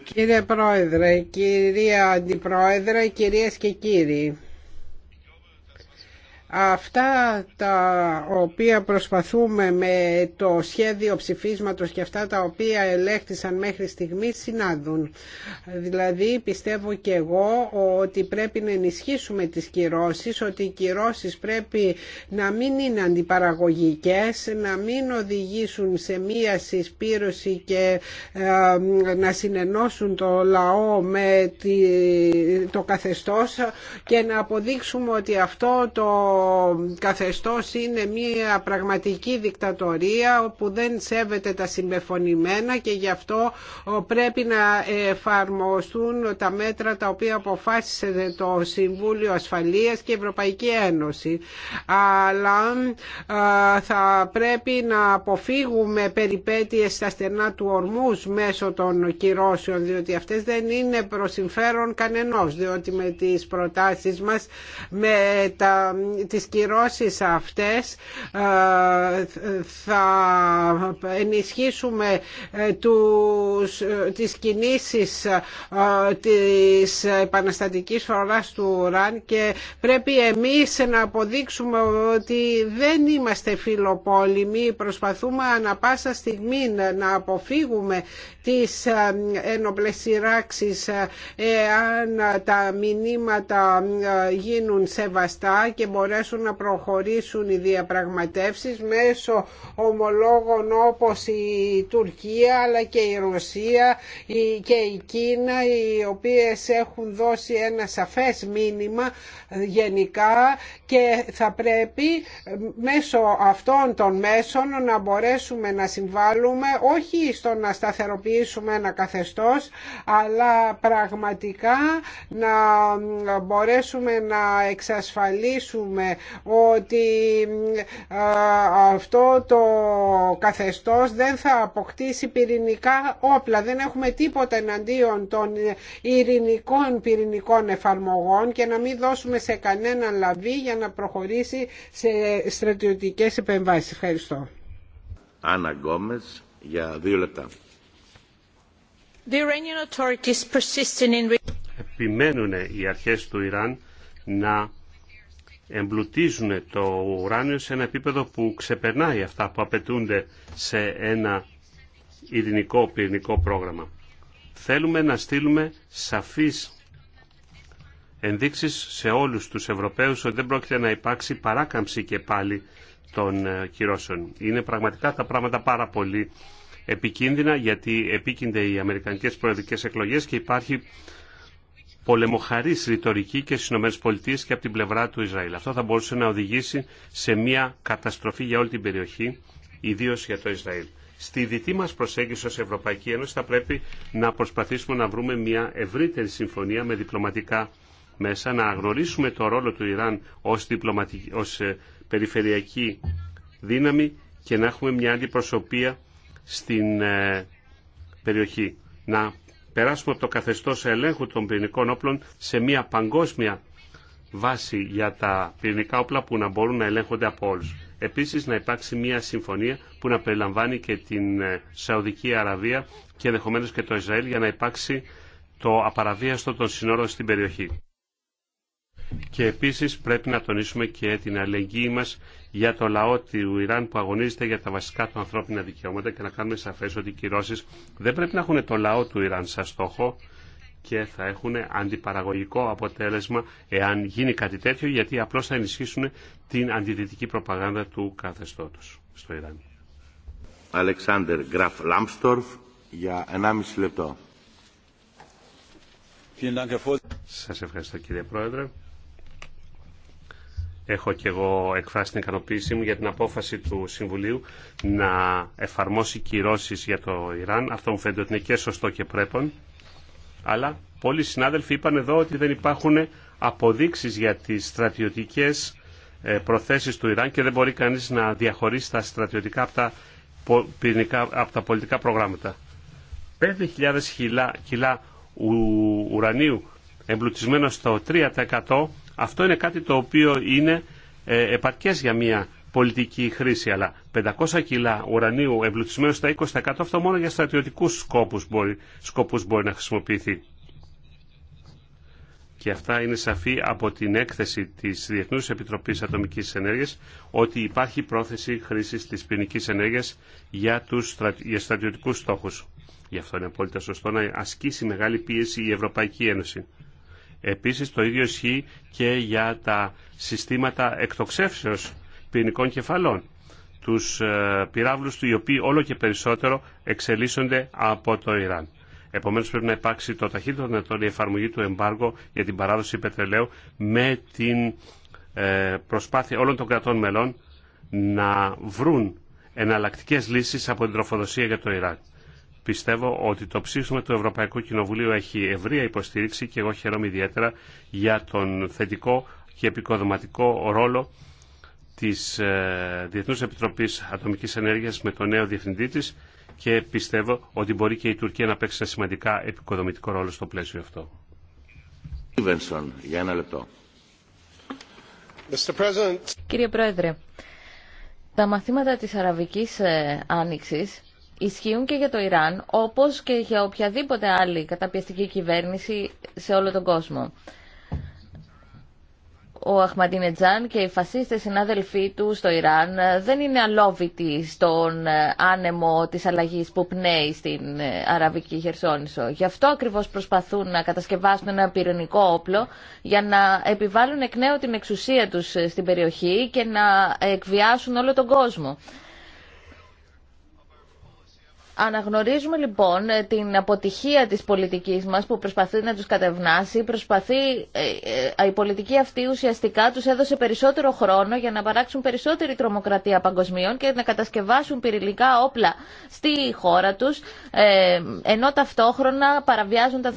Κύριε Πρόεδρε, κυρία Αντιπρόεδρε, κυρίες και κύριοι αυτά τα οποία προσπαθούμε με το σχέδιο ψηφίσματος και αυτά τα οποία ελέγχθησαν μέχρι στιγμή συνάδουν. Δηλαδή πιστεύω και εγώ ότι πρέπει να ενισχύσουμε τις κυρώσεις, ότι οι κυρώσεις πρέπει να μην είναι αντιπαραγωγικές, να μην οδηγήσουν σε μία συσπήρωση και ε, να συνενώσουν το λαό με το καθεστώς και να αποδείξουμε ότι αυτό το καθεστώς είναι μια πραγματική δικτατορία όπου δεν σέβεται τα συμπεφωνημένα και γι' αυτό πρέπει να εφαρμοστούν τα μέτρα τα οποία αποφάσισε το Συμβούλιο Ασφαλείας και η Ευρωπαϊκή Ένωση. Αλλά θα πρέπει να αποφύγουμε περιπέτειες στα στενά του ορμούς μέσω των κυρώσεων διότι αυτές δεν είναι προς συμφέρον κανενός διότι με τις προτάσεις μας με τα, τις κυρώσεις αυτές ε, θα ενισχύσουμε ε, τους, ε, τις κινήσεις της επαναστατικής φοράς του ΡΑΝ και πρέπει εμείς να αποδείξουμε ότι δεν είμαστε φιλοπόλοιμοι. προσπαθούμε ανα πάσα στιγμή να αποφύγουμε τις ένοπλες σειράξεις εάν τα μηνύματα γίνουν σεβαστά και μπορεί μπορέσουν να προχωρήσουν οι διαπραγματεύσεις μέσω ομολόγων όπως η Τουρκία αλλά και η Ρωσία και η Κίνα οι οποίες έχουν δώσει ένα σαφές μήνυμα γενικά και θα πρέπει μέσω αυτών των μέσων να μπορέσουμε να συμβάλλουμε όχι στο να σταθεροποιήσουμε ένα καθεστώς αλλά πραγματικά να μπορέσουμε να εξασφαλίσουμε ότι αυτό το καθεστώς δεν θα αποκτήσει πυρηνικά όπλα. Δεν έχουμε τίποτα εναντίον των ειρηνικών πυρηνικών εφαρμογών και να μην δώσουμε σε κανέναν λαβή για να προχωρήσει σε στρατιωτικές επεμβάσεις. Ευχαριστώ. Άννα Γκόμες για δύο λεπτά. The Iranian authorities Επιμένουν οι αρχές του Ιράν να εμπλουτίζουν το ουράνιο σε ένα επίπεδο που ξεπερνάει αυτά που απαιτούνται σε ένα ειρηνικό πυρηνικό πρόγραμμα. Θέλουμε να στείλουμε σαφείς ενδείξεις σε όλους τους Ευρωπαίους ότι δεν πρόκειται να υπάρξει παράκαμψη και πάλι των ε, κυρώσεων. Είναι πραγματικά τα πράγματα πάρα πολύ επικίνδυνα γιατί επίκυνται οι Αμερικανικές προεδρικές εκλογές και υπάρχει Πολεμοχαρή ρητορική και στι ΗΠΑ και από την πλευρά του Ισραήλ. Αυτό θα μπορούσε να οδηγήσει σε μια καταστροφή για όλη την περιοχή, ιδίω για το Ισραήλ. Στη δική μα προσέγγιση ω Ευρωπαϊκή Ένωση θα πρέπει να προσπαθήσουμε να βρούμε μια ευρύτερη συμφωνία με διπλωματικά μέσα, να γνωρίσουμε το ρόλο του Ιράν ω ε, περιφερειακή δύναμη και να έχουμε μια αντιπροσωπεία στην ε, περιοχή. Να περάσουμε από το καθεστώ ελέγχου των πυρηνικών όπλων σε μια παγκόσμια βάση για τα πυρηνικά όπλα που να μπορούν να ελέγχονται από όλους. Επίσης να υπάρξει μια συμφωνία που να περιλαμβάνει και την ε, Σαουδική Αραβία και ενδεχομένω και το Ισραήλ για να υπάρξει το απαραβίαστο των συνόρων στην περιοχή. Και επίσης πρέπει να τονίσουμε και την αλληλεγγύη μας για το λαό του Ιράν που αγωνίζεται για τα βασικά του ανθρώπινα δικαιώματα και να κάνουμε σαφέ ότι οι κυρώσει δεν πρέπει να έχουν το λαό του Ιράν σαν στόχο και θα έχουν αντιπαραγωγικό αποτέλεσμα εάν γίνει κάτι τέτοιο γιατί απλώς θα ενισχύσουν την αντιδυτική προπαγάνδα του καθεστώτος στο Ιράν. Αλεξάνδερ Γκραφ για 1,5 λεπτό. Σας ευχαριστώ κύριε Πρόεδρε έχω και εγώ εκφράσει την ικανοποίησή μου για την απόφαση του Συμβουλίου να εφαρμόσει κυρώσεις για το Ιράν. Αυτό μου φαίνεται ότι είναι και σωστό και πρέπει. Αλλά πολλοί συνάδελφοι είπαν εδώ ότι δεν υπάρχουν αποδείξεις για τις στρατιωτικές ε, προθέσεις του Ιράν και δεν μπορεί κανείς να διαχωρίσει τα στρατιωτικά από τα, πολιτικά προγράμματα. 5.000 κιλά, κιλά ουρανίου εμπλουτισμένο στο 3% αυτό είναι κάτι το οποίο είναι ε, επαρκές για μια πολιτική χρήση, αλλά 500 κιλά ουρανίου εμπλουτισμένο στα 20% αυτό μόνο για στρατιωτικούς σκόπους μπορεί, σκόπους μπορεί να χρησιμοποιηθεί. Και αυτά είναι σαφή από την έκθεση της Διεθνούς Επιτροπής Ατομικής Ενέργειας ότι υπάρχει πρόθεση χρήσης της ποινική ενέργειας για, τους, για στρατιωτικούς στόχους. Γι' αυτό είναι απόλυτα σωστό να ασκήσει μεγάλη πίεση η Ευρωπαϊκή Ένωση. Επίσης το ίδιο ισχύει και για τα συστήματα εκτοξεύσεως ποινικών κεφαλών. Τους ε, πυράβλους του οι οποίοι όλο και περισσότερο εξελίσσονται από το Ιράν. Επομένως πρέπει να υπάρξει το ταχύτερο δυνατόν η εφαρμογή του εμπάργου για την παράδοση πετρελαίου με την ε, προσπάθεια όλων των κρατών μελών να βρουν εναλλακτικές λύσεις από την τροφοδοσία για το Ιράν. Πιστεύω ότι το ψήφισμα του Ευρωπαϊκού Κοινοβουλίου έχει ευρεία υποστήριξη και εγώ χαίρομαι ιδιαίτερα για τον θετικό και επικοδοματικό ρόλο της ε, Διεθνούς Επιτροπής Ατομικής Ενέργειας με τον νέο διευθυντή της και πιστεύω ότι μπορεί και η Τουρκία να παίξει ένα σημαντικά επικοδομητικό ρόλο στο πλαίσιο αυτό. για ένα λεπτό. Κύριε Πρόεδρε, τα μαθήματα της Αραβικής ε, Άνοιξης ισχύουν και για το Ιράν, όπως και για οποιαδήποτε άλλη καταπιεστική κυβέρνηση σε όλο τον κόσμο. Ο Αχμαντίνετζάν και οι φασίστες συνάδελφοί του στο Ιράν ε, δεν είναι αλόβητοι στον ε, άνεμο της αλλαγής που πνέει στην ε, Αραβική Χερσόνησο. Γι' αυτό ακριβώς προσπαθούν να κατασκευάσουν ένα πυρηνικό όπλο για να επιβάλλουν εκ νέου την εξουσία τους στην περιοχή και να εκβιάσουν όλο τον κόσμο. Αναγνωρίζουμε λοιπόν την αποτυχία της πολιτικής μας που προσπαθεί να τους κατευνάσει. Προσπαθεί, ε, ε, η πολιτική αυτή ουσιαστικά τους έδωσε περισσότερο χρόνο για να παράξουν περισσότερη τρομοκρατία παγκοσμίων και να κατασκευάσουν πυρηλικά όπλα στη χώρα τους, ε, ενώ ταυτόχρονα παραβιάζουν τα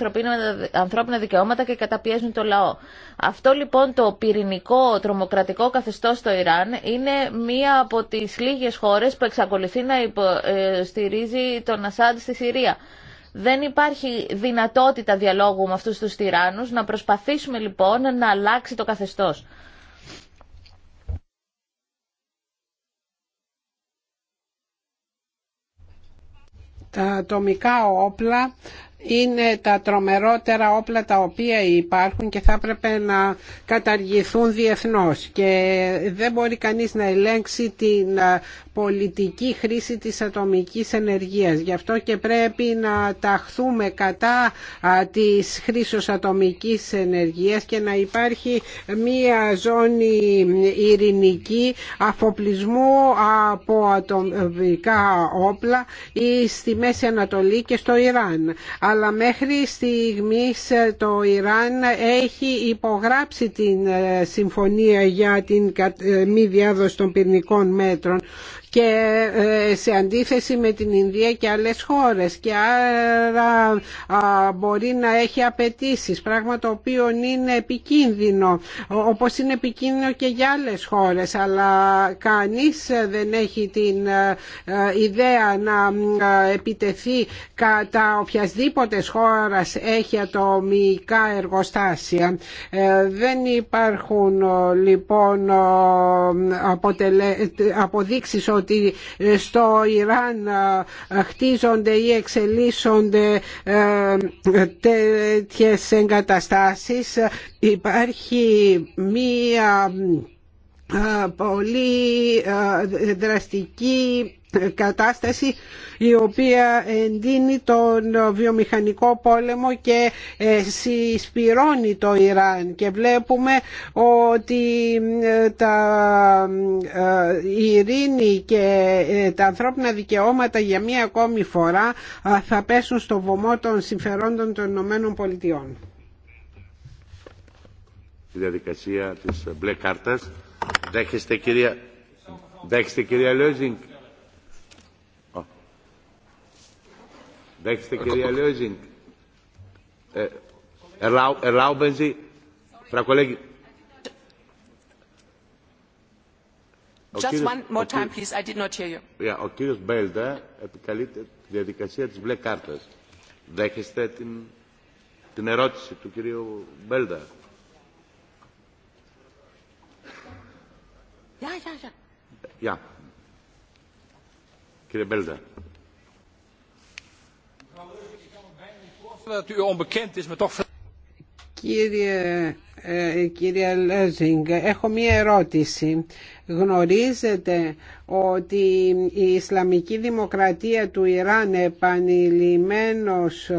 ανθρώπινα δικαιώματα και καταπιέζουν το λαό. Αυτό λοιπόν το πυρηνικό τρομοκρατικό καθεστώς στο Ιράν είναι μία από τις λίγες χώρες που εξακολουθεί να υποστηρίζει τον Ασάντ στη Συρία. Δεν υπάρχει δυνατότητα διαλόγου με αυτούς του τυράννους, να προσπαθήσουμε λοιπόν να αλλάξει το καθεστώς. Τα ατομικά όπλα είναι τα τρομερότερα όπλα τα οποία υπάρχουν και θα έπρεπε να καταργηθούν διεθνώς και δεν μπορεί κανείς να ελέγξει την πολιτική χρήση της ατομικής ενεργείας. Γι' αυτό και πρέπει να ταχθούμε κατά της χρήσης ατομικής ενεργείας και να υπάρχει μία ζώνη ειρηνική αφοπλισμού από ατομικά όπλα ή στη Μέση Ανατολή και στο Ιράν. Αλλά μέχρι στιγμής το Ιράν έχει υπογράψει την ε, συμφωνία για την ε, μη διάδοση των πυρνικών μέτρων και ε, σε αντίθεση με την Ινδία και άλλες χώρες και άρα μπορεί να έχει απαιτήσει, πράγμα το οποίο είναι επικίνδυνο όπως είναι επικίνδυνο και για άλλες χώρες αλλά κανείς δεν έχει την ε, ιδέα να ε, επιτεθεί κατά οποιασδήποτε χώρας έχει ατομικά εργοστάσια. Δεν υπάρχουν λοιπόν αποτελε... αποδείξεις ότι ε, στο Ιράν ε, χτίζονται ή εξελίσσονται ε, τέτοιες εγκαταστάσεις υπάρχει μία πολύ δραστική κατάσταση η οποία εντείνει τον βιομηχανικό πόλεμο και ε, συσπυρώνει το Ιράν και βλέπουμε ότι ε, τα, ε, η ειρήνη και τα ανθρώπινα δικαιώματα για μία ακόμη φορά θα πέσουν στο βωμό των συμφερόντων των Ηνωμένων Πολιτειών. Η διαδικασία της μπλε κάρτας. Δέχεστε κυρία, δέχεστε κυρία Λόζινγκ. Δέχεστε ε, κυρία Λιόζινγκ. Erlauben ε, Μπενζή. Frau Just one more time, please. I did not hear you. Yeah, ο κύριος Μπέλτα ε, επικαλείται τη διαδικασία της μπλε κάρτας. Δέχεστε την, την ερώτηση του κυρίου Μπέλτα. Yeah, yeah, yeah. Yeah. Κύριε Μπέλτα. Κύριε ε, κυρία Λέζινγκ, έχω μία ερώτηση. Γνωρίζετε ότι η Ισλαμική Δημοκρατία του Ιράν επανειλημμένως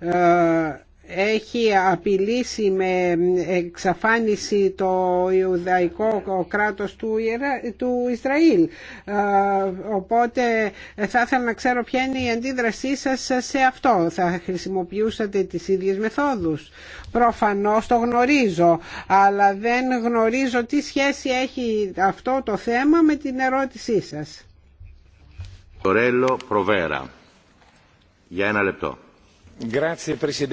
ε, έχει απειλήσει με εξαφάνιση το Ιουδαϊκό κράτος του, του Ισραήλ. Ε, οπότε θα ήθελα να ξέρω ποια είναι η αντίδρασή σας σε αυτό. Θα χρησιμοποιούσατε τις ίδιες μεθόδους. Προφανώς το γνωρίζω, αλλά δεν γνωρίζω τι σχέση έχει αυτό το θέμα με την ερώτησή σας. Προβέρα. Για ένα λεπτό. Grazie,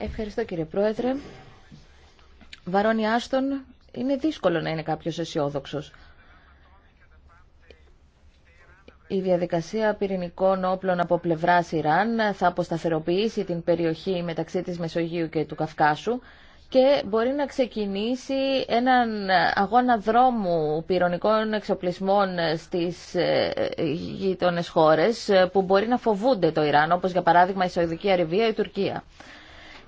Ευχαριστώ κύριε Πρόεδρε. Βαρόνι Άστον, είναι δύσκολο να είναι κάποιος αισιόδοξο. Η διαδικασία πυρηνικών όπλων από πλευρά Ιράν θα αποσταθεροποιήσει την περιοχή μεταξύ της Μεσογείου και του Καυκάσου και μπορεί να ξεκινήσει έναν αγώνα δρόμου πυρονικών εξοπλισμών στις ε, γείτονες χώρες ε, που μπορεί να φοβούνται το Ιράν, όπως για παράδειγμα η Σαουδική Αριβία ή η Τουρκία.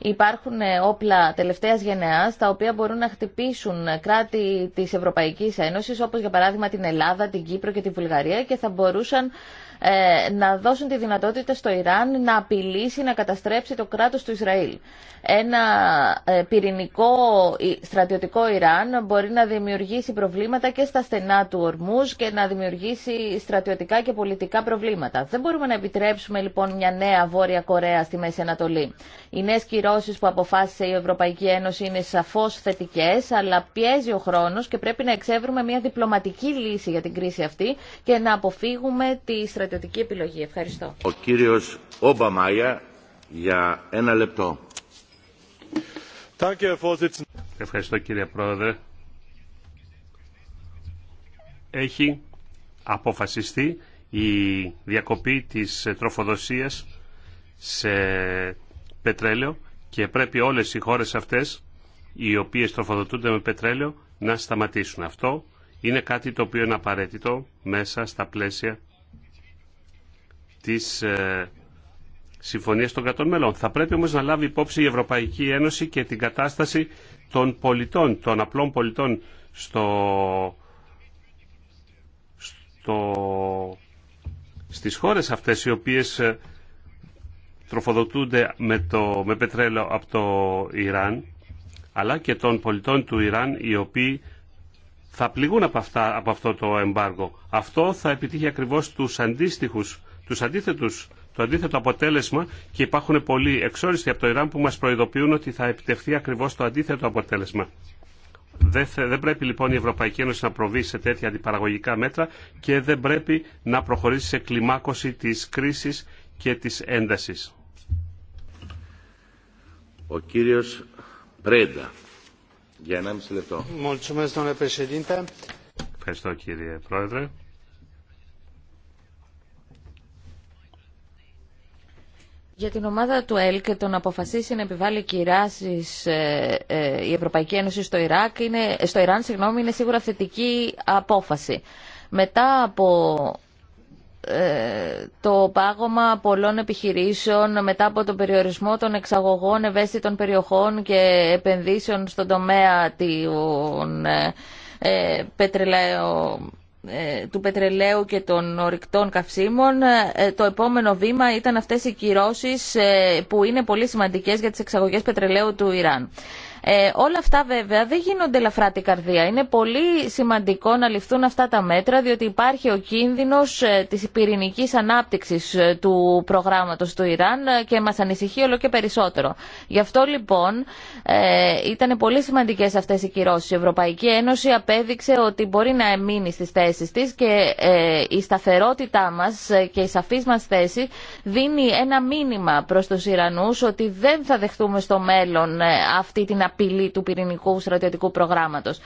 Υπάρχουν ε, όπλα τελευταίας γενεά, τα οποία μπορούν να χτυπήσουν ε, κράτη της Ευρωπαϊκής Ένωσης όπως για παράδειγμα την Ελλάδα, την Κύπρο και τη Βουλγαρία και θα μπορούσαν ε, να δώσουν τη δυνατότητα στο Ιράν να απειλήσει, να καταστρέψει το κράτος του Ισραήλ. Ένα ε, πυρηνικό ε, στρατιωτικό Ιράν μπορεί να δημιουργήσει προβλήματα και στα στενά του Ορμούς και να δημιουργήσει στρατιωτικά και πολιτικά προβλήματα. Δεν μπορούμε να επιτρέψουμε λοιπόν μια νέα Βόρεια Κορέα στη Μέση Ανατολή. Οι νέε κυρώσει που αποφάσισε η Ευρωπαϊκή Ένωση είναι σαφώ θετικέ, αλλά πιέζει ο χρόνο και πρέπει να εξεύρουμε μια διπλωματική λύση για την κρίση αυτή και να αποφύγουμε τη στρατιωτική στρατιωτική επιλογή. Ευχαριστώ. Ο κύριος Ομπαμάια για ένα λεπτό. Ευχαριστώ κύριε Πρόεδρε. Έχει αποφασιστεί η διακοπή της τροφοδοσίας σε πετρέλαιο και πρέπει όλες οι χώρες αυτές οι οποίες τροφοδοτούνται με πετρέλαιο να σταματήσουν. Αυτό είναι κάτι το οποίο είναι απαραίτητο μέσα στα πλαίσια τις ε, συμφωνίες των κρατών μελών. Θα πρέπει όμως να λάβει υπόψη η Ευρωπαϊκή Ένωση και την κατάσταση των πολιτών, των απλών πολιτών στο, στο, στις χώρες αυτές οι οποίες ε, τροφοδοτούνται με, το, με πετρέλαιο από το Ιράν αλλά και των πολιτών του Ιράν οι οποίοι θα πληγούν από, από αυτό το εμπάργο. Αυτό θα επιτύχει ακριβώς τους αντίστοιχους τους αντίθετους, το αντίθετο αποτέλεσμα και υπάρχουν πολλοί εξόριστοι από το Ιράν που μας προειδοποιούν ότι θα επιτευχθεί ακριβώς το αντίθετο αποτέλεσμα. Δεν, δεν πρέπει λοιπόν η Ευρωπαϊκή Ένωση να προβεί σε τέτοια αντιπαραγωγικά μέτρα και δεν πρέπει να προχωρήσει σε κλιμάκωση της κρίσης και της έντασης. Ο κύριος Πρέντα, Ευχαριστώ κύριε Πρόεδρε. Για την ομάδα του ΕΛ και να αποφασίσει να επιβάλλει κυράσει ε, ε, η Ευρωπαϊκή Ένωση στο, Ιράκ είναι, στο Ιράν συγγνώμη, είναι σίγουρα θετική απόφαση. Μετά από ε, το πάγωμα πολλών επιχειρήσεων μετά από τον περιορισμό των εξαγωγών ευαίσθητων περιοχών και επενδύσεων στον τομέα των ε, πετρελαίου ε, του πετρελαίου και των ορυκτών καυσίμων ε, το επόμενο βήμα ήταν αυτές οι κυρώσεις ε, που είναι πολύ σημαντικές για τις εξαγωγές πετρελαίου του Ιράν. Ε, όλα αυτά βέβαια δεν γίνονται ελαφρά την καρδία. Είναι πολύ σημαντικό να ληφθούν αυτά τα μέτρα διότι υπάρχει ο κίνδυνος ε, της πυρηνικής ανάπτυξης ε, του προγράμματο του Ιράν και μα ανησυχεί όλο και περισσότερο. Γι' αυτό λοιπόν ήταν πολύ σημαντικέ αυτέ οι κυρώσει. Η Ευρωπαϊκή Ένωση απέδειξε ότι μπορεί να εμείνει στι θέσει τη και η σταθερότητά μας και η σαφή μα θέση δίνει ένα μήνυμα προ του Ιρανού ότι δεν θα δεχτούμε στο μέλλον αυτή την απειλή του πυρηνικού στρατιωτικού προγράμματος.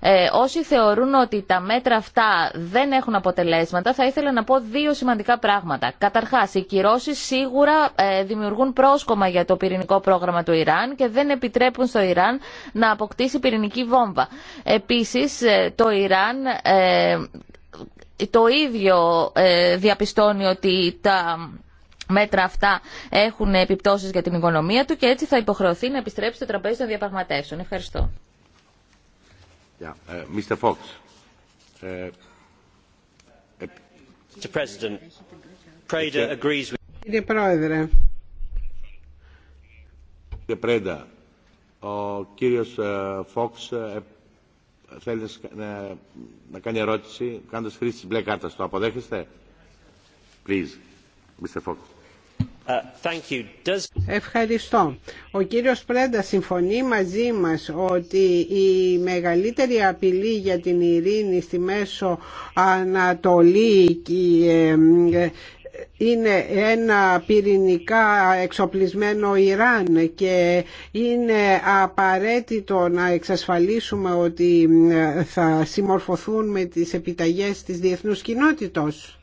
Ε, όσοι θεωρούν ότι τα μέτρα αυτά δεν έχουν αποτελέσματα, θα ήθελα να πω δύο σημαντικά πράγματα. Καταρχά, οι κυρώσει σίγουρα ε, δημιουργούν πρόσκομα για το πυρηνικό πρόγραμμα του Ιράν και δεν επιτρέπουν στο Ιράν να αποκτήσει πυρηνική βόμβα. Επίση, ε, το Ιράν. Ε, το ίδιο ε, διαπιστώνει ότι τα μέτρα αυτά έχουν επιπτώσεις για την οικονομία του και έτσι θα υποχρεωθεί να επιστρέψει στο τραπέζι των διαπραγματεύσεων. Ευχαριστώ. Uh, Mr. Fox. Uh, Κύριε Πρόεδρε, Κύριε ο κύριος Φόξ ε, ε, θέλει να κάνει ερώτηση κάνοντας χρήση της μπλε κάρτας. Το αποδέχεστε? Please, Mr. Fox. Ευχαριστώ. Ο κύριος Πρέντα συμφωνεί μαζί μας ότι η μεγαλύτερη απειλή για την ειρήνη στη Μέσο Ανατολή ε, είναι ένα πυρηνικά εξοπλισμένο Ιράν και είναι απαραίτητο να εξασφαλίσουμε ότι θα συμμορφωθούν με τις επιταγές της διεθνούς κοινότητας.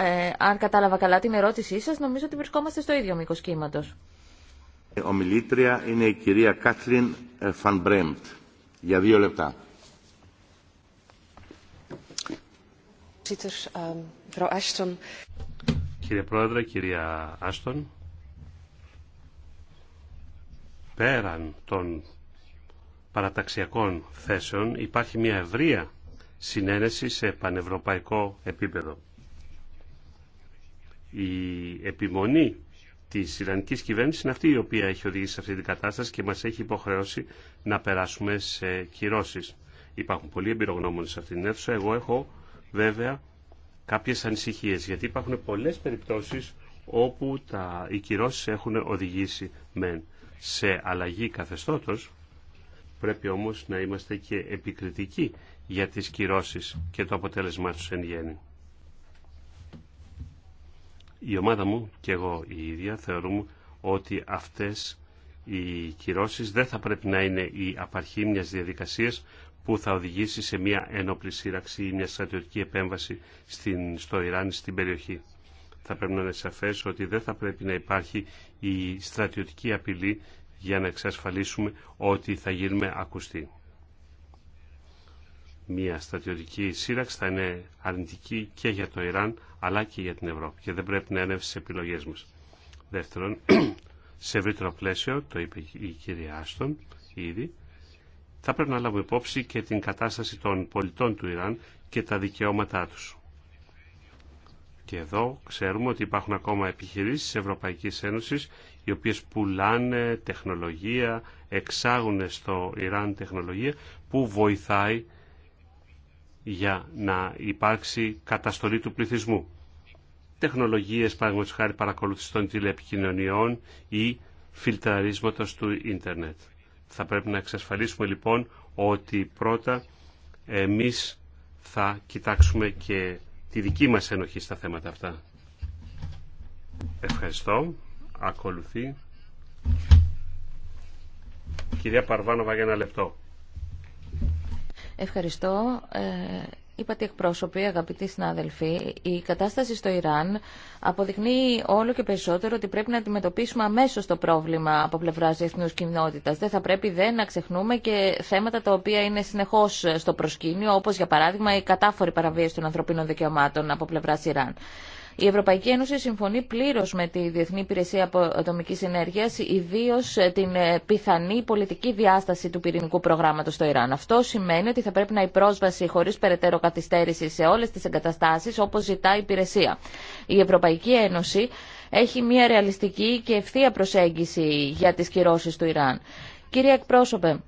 Ε, αν κατάλαβα καλά την ερώτησή σας, νομίζω ότι βρισκόμαστε στο ίδιο μήκος κύματος. Ομιλήτρια είναι η κυρία Κάθλιν ε, Φανμπρέμπτ. Για δύο λεπτά. Um, Κύριε Πρόεδρε, κυρία Άστον, πέραν των παραταξιακών θέσεων υπάρχει μια ευρεία συνένεση σε πανευρωπαϊκό επίπεδο η επιμονή της Ιρανική κυβέρνηση είναι αυτή η οποία έχει οδηγήσει σε αυτή την κατάσταση και μα έχει υποχρεώσει να περάσουμε σε κυρώσει. Υπάρχουν πολλοί εμπειρογνώμονε σε αυτήν την αίθουσα. Εγώ έχω βέβαια κάποιε ανησυχίε, γιατί υπάρχουν πολλέ περιπτώσει όπου τα, οι κυρώσει έχουν οδηγήσει μεν σε αλλαγή καθεστώτο. πρέπει όμως να είμαστε και επικριτικοί για τις κυρώσεις και το αποτέλεσμά τους εν γέννη. Η ομάδα μου και εγώ η ίδια θεωρούμε ότι αυτές οι κυρώσεις δεν θα πρέπει να είναι η απαρχή μιας διαδικασίας που θα οδηγήσει σε μια ένοπλη σύραξη ή μια στρατιωτική επέμβαση στην, στο Ιράν στην περιοχή. Θα πρέπει να είναι σαφές ότι δεν θα πρέπει να υπάρχει η στρατιωτική απειλή για να εξασφαλίσουμε ότι θα γίνουμε ακουστοί μια στρατιωτική σύραξη θα είναι αρνητική και για το Ιράν αλλά και για την Ευρώπη και δεν πρέπει να ανέβει στις επιλογές μας. Δεύτερον, *clears throat* σε ευρύτερο πλαίσιο, το είπε η κυρία Άστον ήδη, θα πρέπει να λάβουμε υπόψη και την κατάσταση των πολιτών του Ιράν και τα δικαιώματά τους. Και εδώ ξέρουμε ότι υπάρχουν ακόμα επιχειρήσεις Ευρωπαϊκής Ένωσης οι οποίες πουλάνε τεχνολογία, εξάγουν στο Ιράν τεχνολογία που βοηθάει για να υπάρξει καταστολή του πληθυσμού. Τεχνολογίες, παραδείγματος χάρη παρακολούθηση των τηλεπικοινωνιών ή φιλτραρίσματος του ίντερνετ. Θα πρέπει να εξασφαλίσουμε λοιπόν ότι πρώτα εμείς θα κοιτάξουμε και τη δική μας ενοχή στα θέματα αυτά. Ευχαριστώ. Ακολουθεί. Κυρία Παρβάνοβα για ένα λεπτό. Ευχαριστώ. Ε, είπατε εκπρόσωποι, αγαπητοί συνάδελφοι, η κατάσταση στο Ιράν αποδεικνύει όλο και περισσότερο ότι πρέπει να αντιμετωπίσουμε αμέσω το πρόβλημα από πλευρά διεθνού κοινότητα. Δεν θα πρέπει δεν να ξεχνούμε και θέματα τα οποία είναι συνεχώ στο προσκήνιο, όπω για παράδειγμα η κατάφορη παραβίαση των ανθρωπίνων δικαιωμάτων από πλευρά Ιράν. Η Ευρωπαϊκή Ένωση συμφωνεί πλήρως με τη Διεθνή Υπηρεσία Ατομική ενέργεια ιδίως ε, την ε, πιθανή πολιτική διάσταση του πυρηνικού προγράμματος στο Ιράν. Αυτό σημαίνει ότι θα πρέπει να η πρόσβαση χωρίς περαιτέρω καθυστέρηση σε όλες τις εγκαταστάσεις όπως ζητά η υπηρεσία. Η Ευρωπαϊκή Ένωση έχει μια ρεαλιστική και ευθεία προσέγγιση για τι κυρώσει του Ιράν. Κύριε εκπρόσωπε,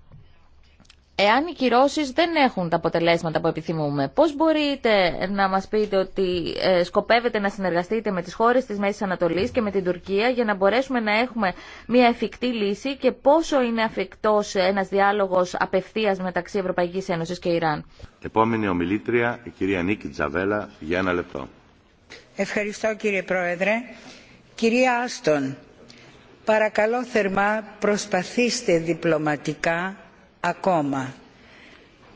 Εάν οι κυρώσεις δεν έχουν τα αποτελέσματα που επιθυμούμε, πώς μπορείτε να μας πείτε ότι ε, σκοπεύετε να συνεργαστείτε με τις χώρες της Μέσης Ανατολής και με την Τουρκία για να μπορέσουμε να έχουμε μια εφικτή λύση και πόσο είναι αφικτός ένας διάλογος απευθείας μεταξύ Ευρωπαϊκής Ένωσης και Ιράν. Επόμενη ομιλήτρια, η κυρία Νίκη Τζαβέλα, για ένα λεπτό. Ευχαριστώ κύριε Πρόεδρε. Κυρία Άστον, παρακαλώ θερμά προσπαθήστε διπλωματικά ακόμα.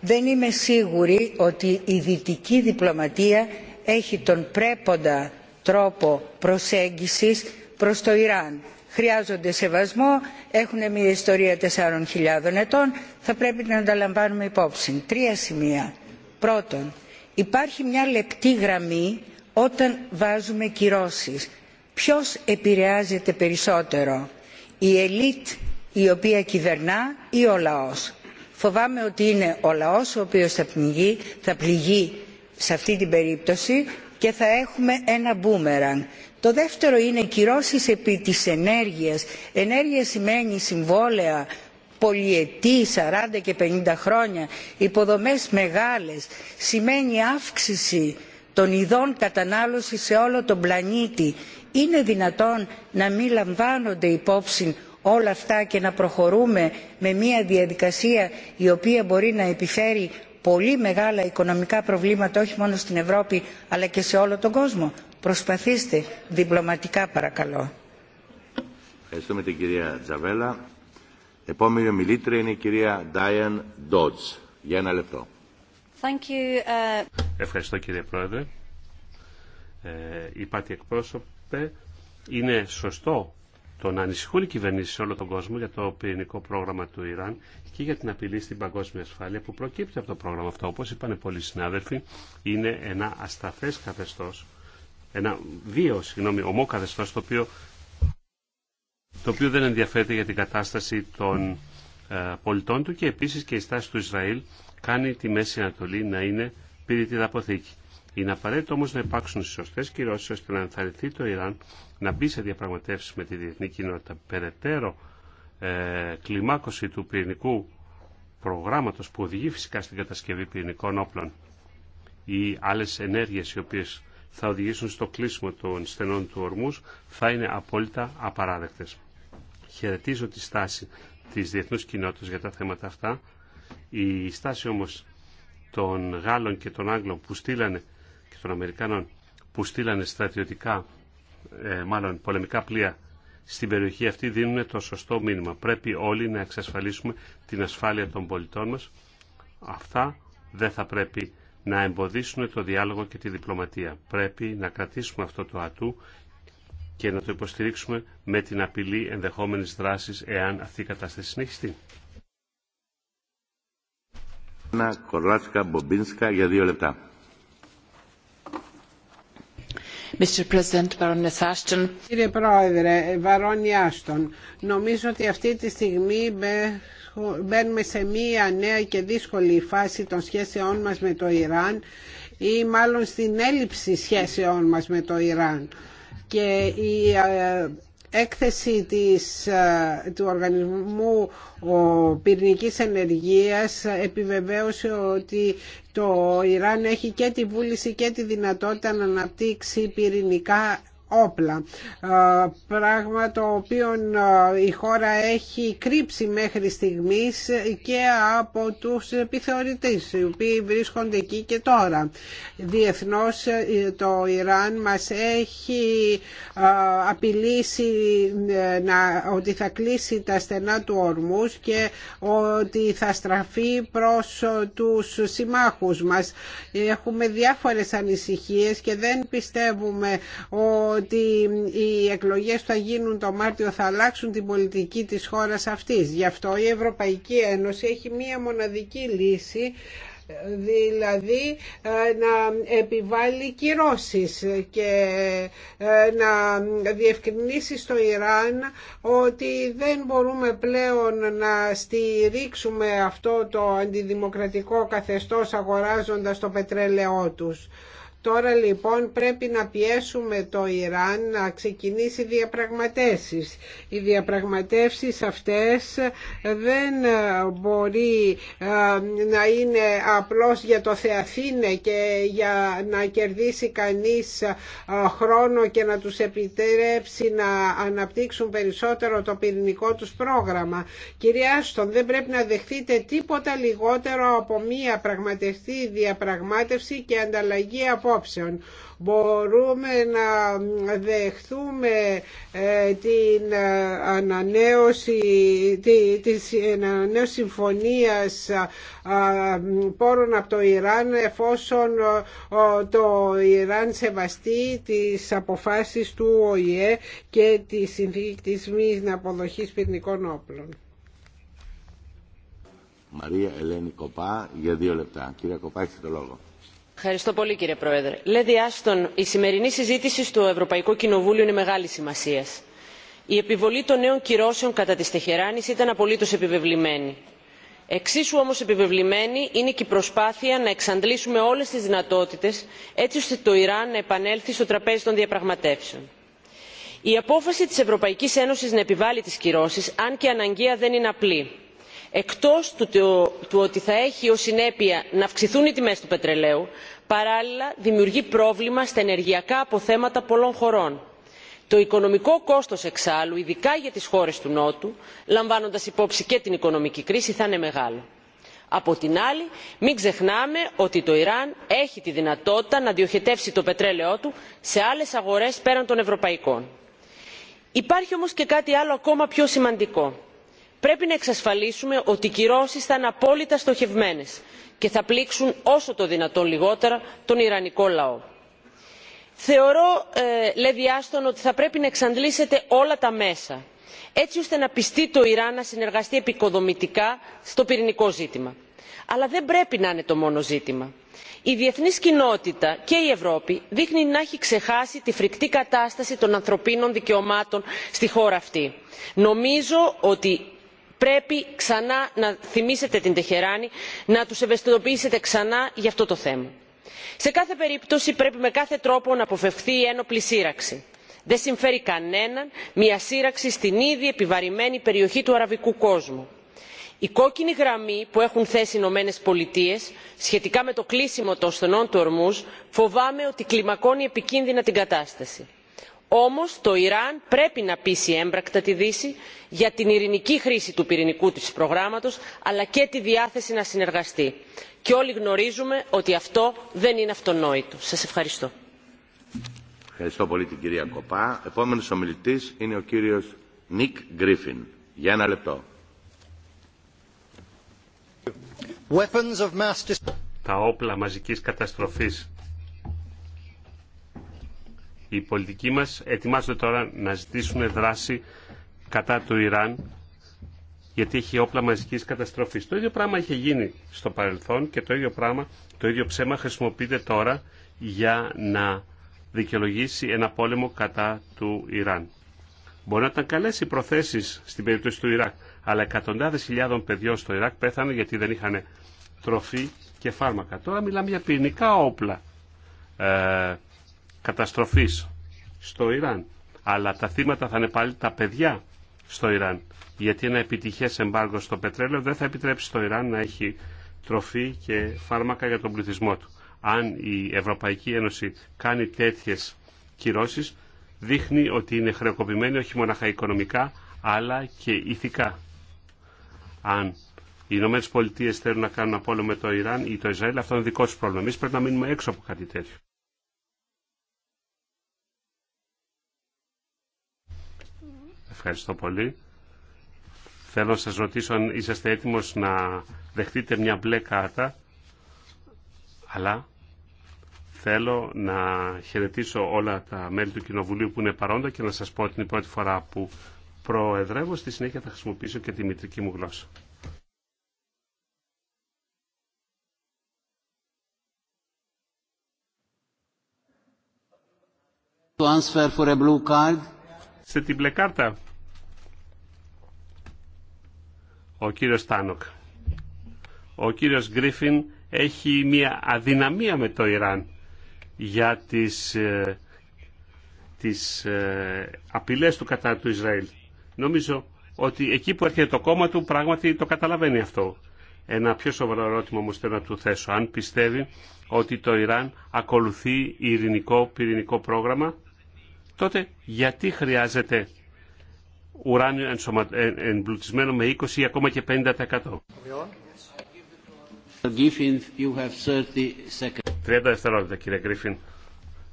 Δεν είμαι σίγουρη ότι η δυτική διπλωματία έχει τον πρέποντα τρόπο προσέγγισης προς το Ιράν. Χρειάζονται σεβασμό, έχουν μια ιστορία 4.000 ετών, θα πρέπει να ανταλαμβάνουμε υπόψη. Τρία σημεία. Πρώτον, υπάρχει μια λεπτή γραμμή όταν βάζουμε κυρώσεις. Ποιος επηρεάζεται περισσότερο, η ελίτ η οποία κυβερνά ή ο λαός φοβάμαι ότι είναι ο λαός ο οποίος θα πληγεί, θα πληγεί σε αυτή την περίπτωση και θα έχουμε ένα μπούμεραν. Το δεύτερο είναι κυρώσεις επί της ενέργειας. Ενέργεια σημαίνει συμβόλαια πολυετή, 40 και 50 χρόνια, υποδομές μεγάλες, σημαίνει αύξηση των ειδών κατανάλωσης σε όλο τον πλανήτη. Είναι δυνατόν να μην λαμβάνονται υπόψη όλα αυτά και να προχωρούμε με μια διαδικασία η οποία μπορεί να επιφέρει πολύ μεγάλα οικονομικά προβλήματα όχι μόνο στην Ευρώπη αλλά και σε όλο τον κόσμο. Προσπαθήστε διπλωματικά παρακαλώ. Ευχαριστούμε την κυρία Τζαβέλα. Επόμενη ομιλήτρια είναι η κυρία Ντάιαν Ντότζ. Για ένα λεπτό. Ε, Ευχαριστώ κύριε Πρόεδρε. Ε, είπατε εκπρόσωπε. Είναι σωστό το να ανησυχούν οι κυβερνήσει σε όλο τον κόσμο για το πυρηνικό πρόγραμμα του Ιράν και για την απειλή στην παγκόσμια ασφάλεια που προκύπτει από το πρόγραμμα αυτό. Όπω είπαν πολλοί συνάδελφοι, είναι ένα ασταθέ καθεστώ, ένα βίαιο, συγγνώμη, ομό καθεστώ, το οποίο, το οποίο δεν ενδιαφέρεται για την κατάσταση των ε, πολιτών του και επίση και η στάση του Ισραήλ κάνει τη Μέση Ανατολή να είναι πυρητή αποθήκη. Είναι απαραίτητο όμω να υπάρξουν σωστέ κυρώσει ώστε να ενθαρρυνθεί το Ιράν να μπει σε διαπραγματεύσει με τη διεθνή κοινότητα. Περαιτέρω ε, κλιμάκωση του πυρηνικού προγράμματο που οδηγεί φυσικά στην κατασκευή πυρηνικών όπλων ή άλλε ενέργειε οι οποίε θα οδηγήσουν στο κλείσιμο των στενών του ορμού θα είναι απόλυτα απαράδεκτε. Χαιρετίζω τη στάση τη διεθνού κοινότητα για τα θέματα αυτά. Η στάση όμω των Γάλλων και των Άγγλων που στείλανε και των Αμερικάνων που στείλανε στρατιωτικά, ε, μάλλον πολεμικά πλοία στην περιοχή αυτή δίνουν το σωστό μήνυμα. Πρέπει όλοι να εξασφαλίσουμε την ασφάλεια των πολιτών μας. Αυτά δεν θα πρέπει να εμποδίσουν το διάλογο και τη διπλωματία. Πρέπει να κρατήσουμε αυτό το ατού και να το υποστηρίξουμε με την απειλή ενδεχόμενης δράσης εάν αυτή η κατάσταση συνεχιστεί. για Κύριε Πρόεδρε, Βαρόνι Άστον, νομίζω ότι αυτή τη στιγμή μπαίνουμε σε μία νέα και δύσκολη φάση των σχέσεών μας με το Ιράν ή μάλλον στην έλλειψη σχέσεών μας με το Ιράν και η ε, έκθεση της, του Οργανισμού Πυρηνικής Ενεργείας επιβεβαίωσε ότι το Ιράν έχει και τη βούληση και τη δυνατότητα να αναπτύξει πυρηνικά όπλα. Πράγμα το οποίο η χώρα έχει κρύψει μέχρι στιγμής και από τους επιθεωρητές οι οποίοι βρίσκονται εκεί και τώρα. Διεθνώς ε, το Ιράν μας έχει απειλήσει ε, να, ότι θα κλείσει τα στενά του ορμούς και ότι θα στραφεί προς ε, τους συμμάχους μας. Έχουμε διάφορες ανησυχίες και δεν πιστεύουμε ότι ότι οι εκλογές που θα γίνουν το Μάρτιο θα αλλάξουν την πολιτική της χώρας αυτής. Γι' αυτό η Ευρωπαϊκή Ένωση έχει μία μοναδική λύση δηλαδή ε, να επιβάλλει κυρώσεις και ε, να διευκρινίσει στο Ιράν ότι δεν μπορούμε πλέον να στηρίξουμε αυτό το αντιδημοκρατικό καθεστώς αγοράζοντας το πετρέλαιό τους. Τώρα λοιπόν πρέπει να πιέσουμε το Ιράν να ξεκινήσει διαπραγματεύσεις. Οι διαπραγματεύσεις αυτές δεν ε, μπορεί ε, να είναι απλώς για το Θεαθήνε και για να κερδίσει κανείς ε, χρόνο και να τους επιτρέψει να αναπτύξουν περισσότερο το πυρηνικό τους πρόγραμμα. Κυρία δεν πρέπει να δεχτείτε τίποτα λιγότερο από μία πραγματευτή διαπραγμάτευση και ανταλλαγή από απόψεων. Μπορούμε να δεχθούμε ε, την ε, ανανέωση της ε, ανανέωσης συμφωνίας πόρων από το Ιράν εφόσον το Ιράν σεβαστεί τις αποφάσεις του ΟΗΕ και τη συνθήκη της μης αποδοχής πυρνικών όπλων. Μαρία Ελένη Κοπά για δύο λεπτά. Κύριε Κοπά, έχετε το λόγο. Ευχαριστώ πολύ κύριε Πρόεδρε. Λέδη Άστον, η σημερινή συζήτηση στο Ευρωπαϊκό Κοινοβούλιο είναι μεγάλη σημασία. Η επιβολή των νέων κυρώσεων κατά τη Τεχεράνη ήταν απολύτω επιβεβλημένη. Εξίσου όμω επιβεβλημένη είναι και η προσπάθεια να εξαντλήσουμε όλε τι δυνατότητε έτσι ώστε το Ιράν να επανέλθει στο τραπέζι των διαπραγματεύσεων. Η απόφαση τη Ευρωπαϊκή Ένωση να επιβάλλει τι κυρώσει, αν και αναγκαία, δεν είναι απλή εκτός του, ότι θα έχει ως συνέπεια να αυξηθούν οι τιμές του πετρελαίου παράλληλα δημιουργεί πρόβλημα στα ενεργειακά αποθέματα πολλών χωρών. το οικονομικό κόστος εξάλλου ειδικά για τις χώρες του νότου λαμβάνοντας υπόψη και την οικονομική κρίση θα είναι μεγάλο. από την άλλη μην ξεχνάμε ότι το ιράν έχει τη δυνατότητα να διοχετεύσει το πετρέλαιό του σε άλλες αγορές πέραν των ευρωπαϊκών. υπάρχει όμως και κάτι άλλο ακόμα πιο σημαντικό πρέπει να εξασφαλίσουμε ότι οι κυρώσεις θα είναι απόλυτα στοχευμένες και θα πλήξουν όσο το δυνατόν λιγότερα τον ιρανικό λαό. θεωρώ ε, λέει άστον ότι θα πρέπει να εξαντλήσετε όλα τα μέσα έτσι ώστε να πιστεί το ιράν να συνεργαστεί επικοδομητικά στο πυρηνικό ζήτημα. αλλά δεν πρέπει να είναι το μόνο ζήτημα. η διεθνής κοινότητα και η ευρώπη δείχνει να έχει ξεχάσει τη φρικτή κατάσταση των ανθρωπίνων δικαιωμάτων στη χώρα αυτή. νομίζω ότι πρέπει ξανά να θυμίσετε την τεχεράνη να του ευαισθητοποιήσετε ξανά για αυτό το θέμα. σε κάθε περίπτωση πρέπει με κάθε τρόπο να αποφευθεί η ένοπλη σύραξη. δεν συμφέρει κανέναν μια σύραξη στην ήδη επιβαρημένη περιοχή του αραβικού κόσμου. η κόκκινη γραμμή που έχουν θέσει οι ηνωμένε πολιτείε σχετικά με το κλείσιμο των στενών του ορμούζ φοβάμαι ότι κλιμακώνει επικίνδυνα την κατάσταση όμως το ιράν πρέπει να πείσει έμπρακτα τη δύση για την ειρηνική χρήση του πυρηνικού της προγράμματος αλλά και τη διάθεση να συνεργαστεί και όλοι γνωρίζουμε ότι αυτό δεν είναι αυτονόητο. σας ευχαριστώ. Ευχαριστώ πολύ την κυρία Κοπά. Επόμενος ομιλητής είναι ο κύριος Νίκ Γκρίφιν. Για ένα λεπτό. Τα όπλα μαζικής καταστροφής οι πολιτικοί μας ετοιμάζονται τώρα να ζητήσουν δράση κατά του Ιράν γιατί έχει όπλα μαζικής καταστροφής. Το ίδιο πράγμα είχε γίνει στο παρελθόν και το ίδιο πράγμα, το ίδιο ψέμα χρησιμοποιείται τώρα για να δικαιολογήσει ένα πόλεμο κατά του Ιράν. Μπορεί να ήταν καλέ οι προθέσει στην περίπτωση του Ιράκ, αλλά εκατοντάδε χιλιάδων παιδιών στο Ιράκ πέθανε γιατί δεν είχαν τροφή και φάρμακα. Τώρα μιλάμε για πυρηνικά όπλα ε, καταστροφής στο Ιράν. Αλλά τα θύματα θα είναι πάλι τα παιδιά στο Ιράν. Γιατί ένα επιτυχές εμπάργο στο πετρέλαιο δεν θα επιτρέψει στο Ιράν να έχει τροφή και φάρμακα για τον πληθυσμό του. Αν η Ευρωπαϊκή Ένωση κάνει τέτοιες κυρώσεις, δείχνει ότι είναι χρεοκοπημένη όχι μόνο οικονομικά, αλλά και ηθικά. Αν οι Ηνωμένε Πολιτείε θέλουν να κάνουν πόλεμο με το Ιράν ή το Ισραήλ, αυτό είναι δικό του πρόβλημα. Εμεί πρέπει να μείνουμε έξω από κάτι τέτοιο. Ευχαριστώ πολύ. Θέλω να σας ρωτήσω αν είσαστε έτοιμος να δεχτείτε μια μπλε κάρτα, αλλά θέλω να χαιρετήσω όλα τα μέλη του Κοινοβουλίου που είναι παρόντα και να σας πω ότι πρώτη φορά που προεδρεύω, στη συνέχεια θα χρησιμοποιήσω και τη μητρική μου γλώσσα. Transfer for a blue card. Σε την μπλε κάρτα. Ο κύριος Τάνοκ. Ο κύριος Γκρίφιν έχει μια αδυναμία με το Ιράν για τις, ε, τις ε, του κατά του Ισραήλ. Νομίζω ότι εκεί που έρχεται το κόμμα του πράγματι το καταλαβαίνει αυτό. Ένα πιο σοβαρό ερώτημα όμως θέλω να του θέσω. Αν πιστεύει ότι το Ιράν ακολουθεί ειρηνικό πυρηνικό πρόγραμμα, τότε γιατί χρειάζεται ουράνιο ε, εμπλουτισμένο με 20 ή ακόμα και 50%. 30 δευτερόλεπτα κύριε Γκρίφιν.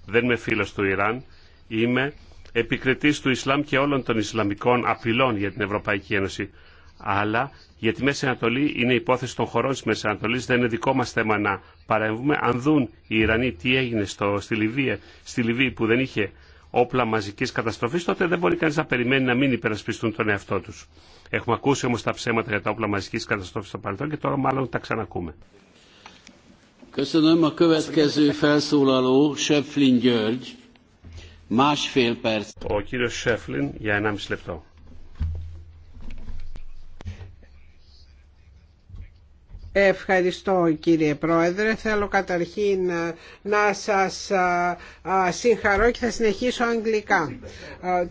Δεν είμαι φίλος του Ιράν. Είμαι επικριτής του Ισλάμ και όλων των Ισλαμικών απειλών για την Ευρωπαϊκή Ένωση. Αλλά για τη Μέση Ανατολή είναι υπόθεση των χωρών της Μέση Ανατολής. Δεν είναι δικό μας θέμα να παρέμβουμε. Αν δουν οι Ιρανοί τι έγινε στη, Λιβύη, στη Λιβύη που δεν είχε όπλα μαζικής καταστροφής, τότε δεν μπορεί κανείς να περιμένει να μην υπερασπιστούν τον εαυτό τους. Έχουμε ακούσει όμως τα ψέματα για τα όπλα μαζικής καταστροφής στο παρελθόν και τώρα μάλλον τα ξανακούμε. Ο κύριος Σέφλιν για 1,5 λεπτό. Ευχαριστώ κύριε Πρόεδρε. Θέλω καταρχήν ε, να σας ε, ε, συγχαρώ και θα συνεχίσω αγγλικά.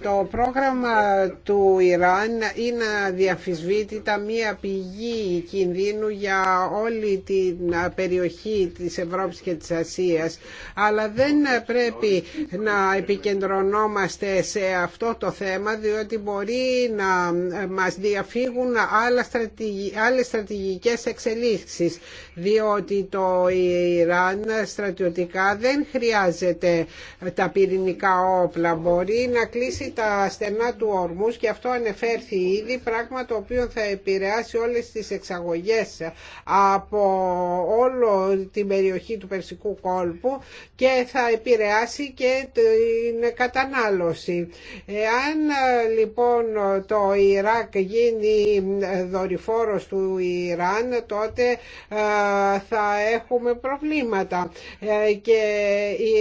Το πρόγραμμα του Ιράν είναι διαφυσβήτητα μία πηγή κινδύνου για όλη την περιοχή της Ευρώπης και της Ασίας αλλά δεν πρέπει να επικεντρωνόμαστε σε αυτό το θέμα διότι μπορεί να μας διαφύγουν άλλες στρατηγικές εξελίξεις διότι το Ιράν στρατιωτικά δεν χρειάζεται τα πυρηνικά όπλα μπορεί να κλείσει τα στενά του ορμούς και αυτό ανεφέρθη ήδη πράγμα το οποίο θα επηρεάσει όλες τις εξαγωγές από όλο την περιοχή του Περσικού κόλπου και θα επηρεάσει και την κατανάλωση. Εάν λοιπόν το Ιράκ γίνει δορυφόρος του Ιράν τότε ε, θα έχουμε προβλήματα ε, και οι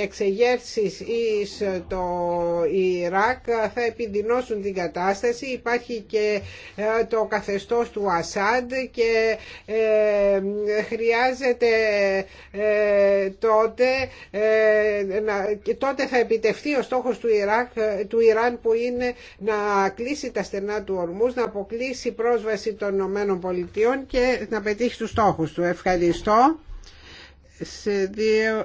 εξεγέρσεις εις το Ιράκ θα επιδεινώσουν την κατάσταση υπάρχει και ε, το καθεστώς του Ασάντ και χρειάζεται τότε και τότε θα επιτευχθεί ο στόχος του, Ιράκ, του Ιράν που είναι να κλείσει τα στενά του ορμούς, να αποκλείσει πρόσβαση των Ηνωμένων Πολιτειών και να πετύχει τους στόχους του. Ευχαριστώ.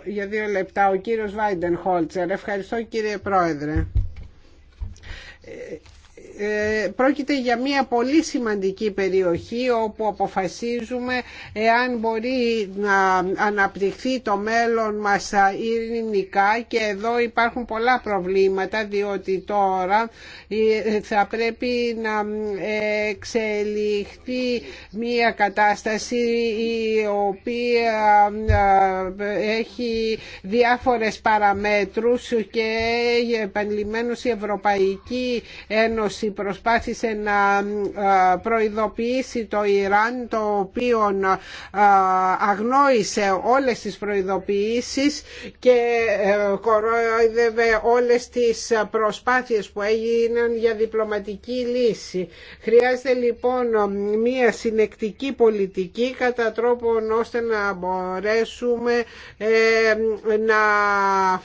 για δύο λεπτά ο κύριος Βάιντεν Χόλτσερ. Ευχαριστώ κύριε Πρόεδρε. Ε, ε, πρόκειται για μια πολύ σημαντική περιοχή όπου αποφασίζουμε εάν μπορεί να αναπτυχθεί το μέλλον μας ειρηνικά και εδώ υπάρχουν πολλά προβλήματα διότι τώρα ε, θα πρέπει να εξελιχθεί μια κατάσταση η οποία ε, έχει διάφορες παραμέτρους και επανειλημμένως η Ευρωπαϊκή Ένωση προσπάθησε να ε, προειδοποιήσει το Ιράν το οποίο ε, αγνόησε όλες τις προειδοποιήσεις και ε, κοροϊδεύε όλες τις προσπάθειες που έγιναν για διπλωματική λύση. Χρειάζεται λοιπόν μία συνεκτική πολιτική κατά τρόπον ώστε να μπορέσουμε να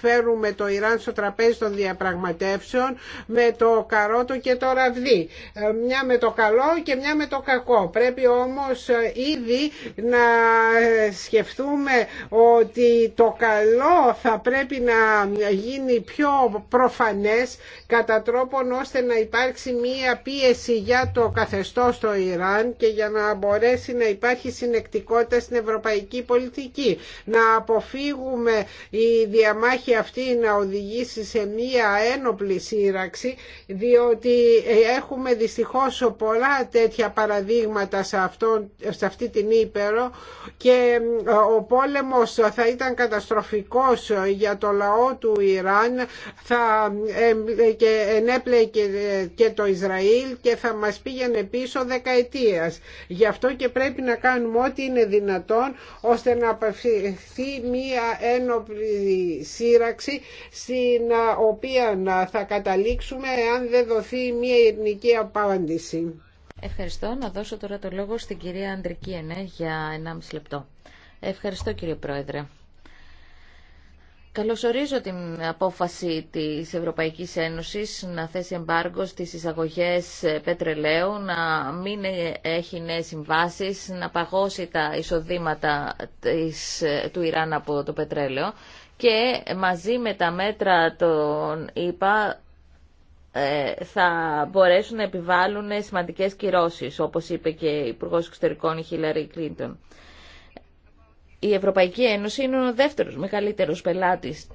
φέρουμε το Ιράν στο τραπέζι των διαπραγματεύσεων με το καρότο και το δεί, ε, Μια με το καλό και μια με το κακό. Πρέπει όμως ε, ήδη να ε, σκεφτούμε ότι το καλό θα πρέπει να γίνει πιο προφανές κατά τρόπον ώστε να υπάρξει μία πίεση για το καθεστώς στο Ιράν και για να μπορέσει να υπάρχει συνεκτικότητα στην ευρωπαϊκή πολιτική. Να αποφύγουμε η διαμάχη αυτή να οδηγήσει σε μία ένοπλη σύραξη διότι έχουμε δυστυχώς πολλά τέτοια παραδείγματα σε, αυτό, σε αυτή την Ήπερο και ε, ο πόλεμος θα ήταν καταστροφικός για το λαό του Ιράν θα, και ενέπλεκε και το Ισραήλ και θα μας πήγαινε πίσω δεκαετίας. Γι' αυτό και πρέπει να κάνουμε ό,τι είναι δυνατόν ώστε να απευθυνθεί μία ένοπλη σύραξη στην ε, οποία θα καταλήξουμε εάν δεν δοθεί μία μια ειρηνική απάντηση. Ευχαριστώ. Να δώσω τώρα το λόγο στην κυρία Αντρική Ενέ για 1,5 λεπτό. Ευχαριστώ κύριε Πρόεδρε. Καλωσορίζω την απόφαση της Ευρωπαϊκής Ένωσης να θέσει εμπάργκο στις εισαγωγές πετρελαίου, να μην έχει νέες συμβάσεις, να παγώσει τα εισοδήματα του Ιράν από το πετρέλαιο και μαζί με τα μέτρα των ήπα ε, θα μπορέσουν να επιβάλλουν σημαντικές κυρώσεις, όπως είπε και η Υπουργό Εξωτερικών η Χίλαρη Κλίντον. Η Ευρωπαϊκή Ένωση είναι ο δεύτερος μεγαλύτερος πελάτης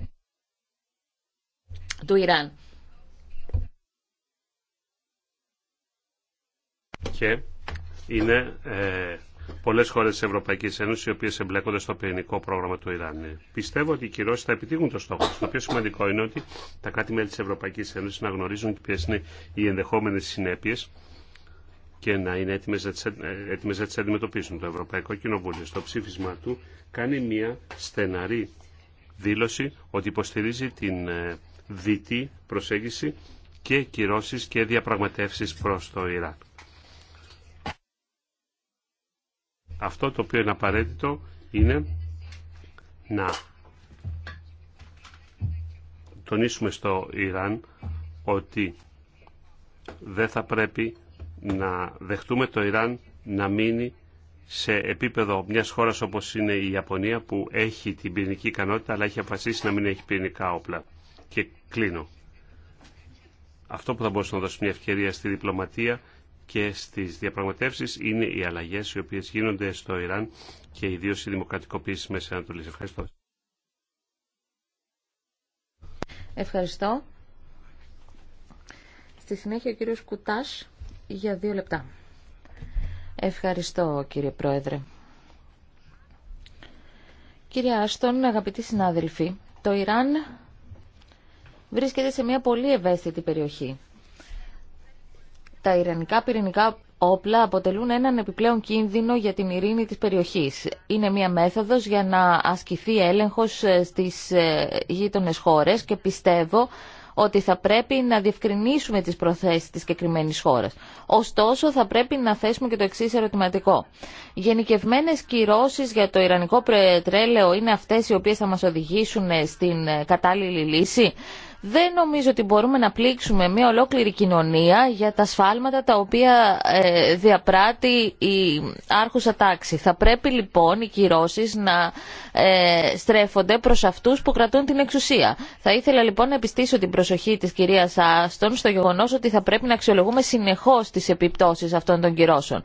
του Ιράν. Και είναι ε, πολλέ χώρε τη Ευρωπαϊκή Ένωση οι οποίε εμπλέκονται στο πυρηνικό πρόγραμμα του Ιράν. Πιστεύω ότι οι κυρώσει θα επιτύχουν το στόχο του. Το πιο σημαντικό είναι ότι τα κάτι μελη τη Ευρωπαϊκή Ένωση να γνωρίζουν ποιε είναι οι ενδεχόμενε συνέπειε και να είναι έτοιμε να τι ε, αντιμετωπίσουν. Το Ευρωπαϊκό Κοινοβούλιο στο ψήφισμα του κάνει μια στεναρή δήλωση ότι υποστηρίζει την ε, δυτή προσέγγιση και κυρώσει και διαπραγματεύσει προ το Ιράκ. Αυτό το οποίο είναι απαραίτητο είναι να τονίσουμε στο Ιράν ότι δεν θα πρέπει να δεχτούμε το Ιράν να μείνει σε επίπεδο μιας χώρας όπως είναι η Ιαπωνία που έχει την πυρηνική ικανότητα αλλά έχει αποφασίσει να μην έχει πυρηνικά όπλα. Και κλείνω. Αυτό που θα μπορούσε να δώσει μια ευκαιρία στη διπλωματία και στις διαπραγματεύσεις είναι οι αλλαγές οι οποίες γίνονται στο Ιράν και ιδίως η δημοκρατικοποίηση μέσα Μέση Ανατολής. Ευχαριστώ. Ευχαριστώ. Στη συνέχεια ο κύριος Κουτάς για δύο λεπτά. Ευχαριστώ κύριε Πρόεδρε. Κύριε Άστον, αγαπητοί συνάδελφοι, το Ιράν βρίσκεται σε μια πολύ ευαίσθητη περιοχή τα ιρανικά πυρηνικά όπλα αποτελούν έναν επιπλέον κίνδυνο για την ειρήνη της περιοχής. Είναι μια μέθοδος για να ασκηθεί έλεγχος ε, στις ε, γείτονες χώρες και πιστεύω ότι θα πρέπει να διευκρινίσουμε τις προθέσεις της συγκεκριμένη χώρας. Ωστόσο, θα πρέπει να θέσουμε και το εξής ερωτηματικό. Γενικευμένες κυρώσεις για το Ιρανικό Πρετρέλαιο είναι αυτές οι οποίες θα μας οδηγήσουν ε, στην κατάλληλη λύση. Δεν νομίζω ότι μπορούμε να πλήξουμε μια ολόκληρη κοινωνία για τα σφάλματα τα οποία ε, διαπράττει η άρχουσα τάξη. Θα πρέπει λοιπόν οι κυρώσει να ε, στρέφονται προ αυτού που κρατούν την εξουσία. Θα ήθελα λοιπόν να επιστήσω την προσοχή τη κυρία Άστον στο γεγονό ότι θα πρέπει να αξιολογούμε συνεχώ τι επιπτώσει αυτών των κυρώσεων.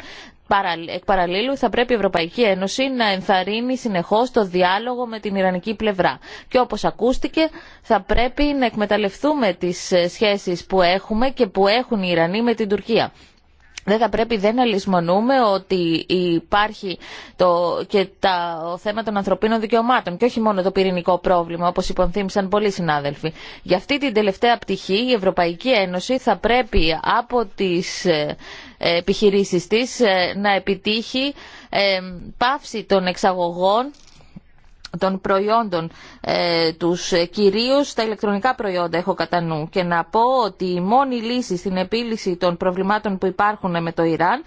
Εκ παραλλήλου θα πρέπει η Ευρωπαϊκή Ένωση να ενθαρρύνει συνεχώς το διάλογο με την Ιρανική πλευρά. Και όπως ακούστηκε θα πρέπει να εκμεταλλευτούμε τις ε, σχέσεις που έχουμε και που έχουν οι Ιρανοί με την Τουρκία. Δεν θα πρέπει δεν να λησμονούμε ότι υπάρχει το, και τα, θέμα των ανθρωπίνων δικαιωμάτων και όχι μόνο το πυρηνικό πρόβλημα όπως υπονθύμησαν πολλοί συνάδελφοι. Για αυτή την τελευταία πτυχή η Ευρωπαϊκή Ένωση θα πρέπει από τις ε, ε, επιχειρήσεις της ε, να επιτύχει ε, πάυση των εξαγωγών των προϊόντων ε, τους κυρίως τα ηλεκτρονικά προϊόντα έχω κατά νου και να πω ότι η μόνη λύση στην επίλυση των προβλημάτων που υπάρχουν με το Ιράν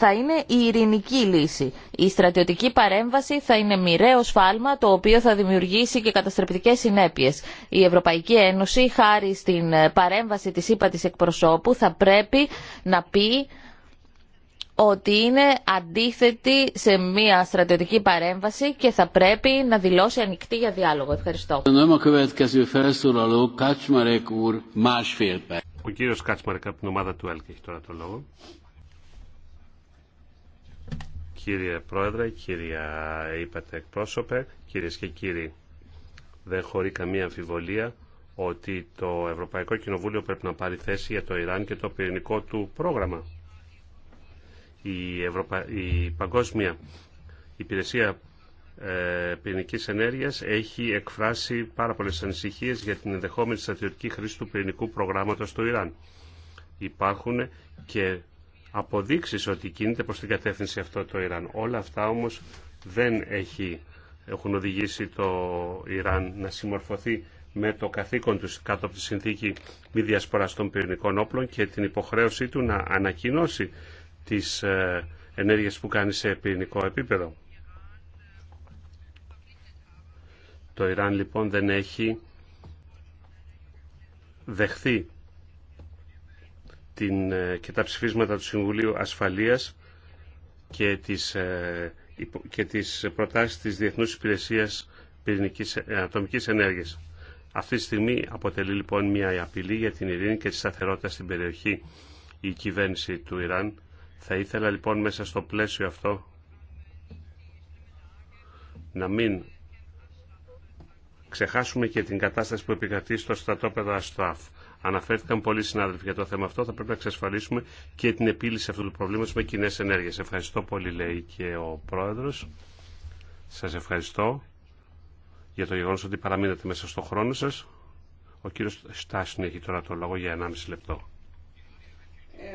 θα είναι η ειρηνική λύση. Η στρατιωτική παρέμβαση θα είναι μοιραίο σφάλμα το οποίο θα δημιουργήσει και καταστρεπτικές συνέπειες. Η Ευρωπαϊκή Ένωση χάρη στην ε, παρέμβαση της ΥΠΑ εκπροσώπου θα πρέπει να πει ότι είναι αντίθετη σε μια στρατιωτική παρέμβαση και θα πρέπει να δηλώσει ανοιχτή για διάλογο. Ευχαριστώ. Ο κύριος Κάτσμαρεκ από την ομάδα του ΕΛΚ έχει τώρα το λόγο. Κύριε Πρόεδρε, κυρία είπατε εκπρόσωπε, κυρίες και κύριοι, δεν χωρεί καμία αμφιβολία ότι το Ευρωπαϊκό Κοινοβούλιο πρέπει να πάρει θέση για το Ιράν και το πυρηνικό του πρόγραμμα. Η, Ευρωπα... η Παγκόσμια Υπηρεσία ε, Πυρηνικής Ενέργειας έχει εκφράσει πάρα πολλές ανησυχίες για την ενδεχόμενη στρατιωτική χρήση του πυρηνικού προγράμματος του Ιράν. Υπάρχουν και αποδείξεις ότι κινείται προς την κατεύθυνση αυτό το Ιράν. Όλα αυτά όμως δεν έχει, έχουν οδηγήσει το Ιράν να συμμορφωθεί με το καθήκον του κάτω από τη συνθήκη μη διασποράς των πυρηνικών όπλων και την υποχρέωσή του να ανακοινώσει τις ε, ενέργειες που κάνει σε πυρηνικό επίπεδο. Το Ιράν λοιπόν δεν έχει δεχθεί την, ε, και τα ψηφίσματα του Συμβουλίου Ασφαλείας και τις, ε, και τις προτάσεις της Διεθνούς Υπηρεσίας Πυρηνικής ε, Ατομικής Ενέργειας. Αυτή τη στιγμή αποτελεί λοιπόν μια απειλή για την ειρήνη και τη σταθερότητα στην περιοχή η κυβέρνηση του Ιράν. Θα ήθελα λοιπόν μέσα στο πλαίσιο αυτό να μην ξεχάσουμε και την κατάσταση που επικρατεί στο στρατόπεδο Αστράφ. Αναφέρθηκαν πολλοί συνάδελφοι για το θέμα αυτό. Θα πρέπει να εξασφαλίσουμε και την επίλυση αυτού του προβλήματο με κοινέ ενέργειε. Ευχαριστώ πολύ, λέει και ο πρόεδρο. Σα ευχαριστώ για το γεγονό ότι παραμείνετε μέσα στο χρόνο σα. Ο κύριο Στάσιν έχει τώρα το λόγο για 1,5 λεπτό.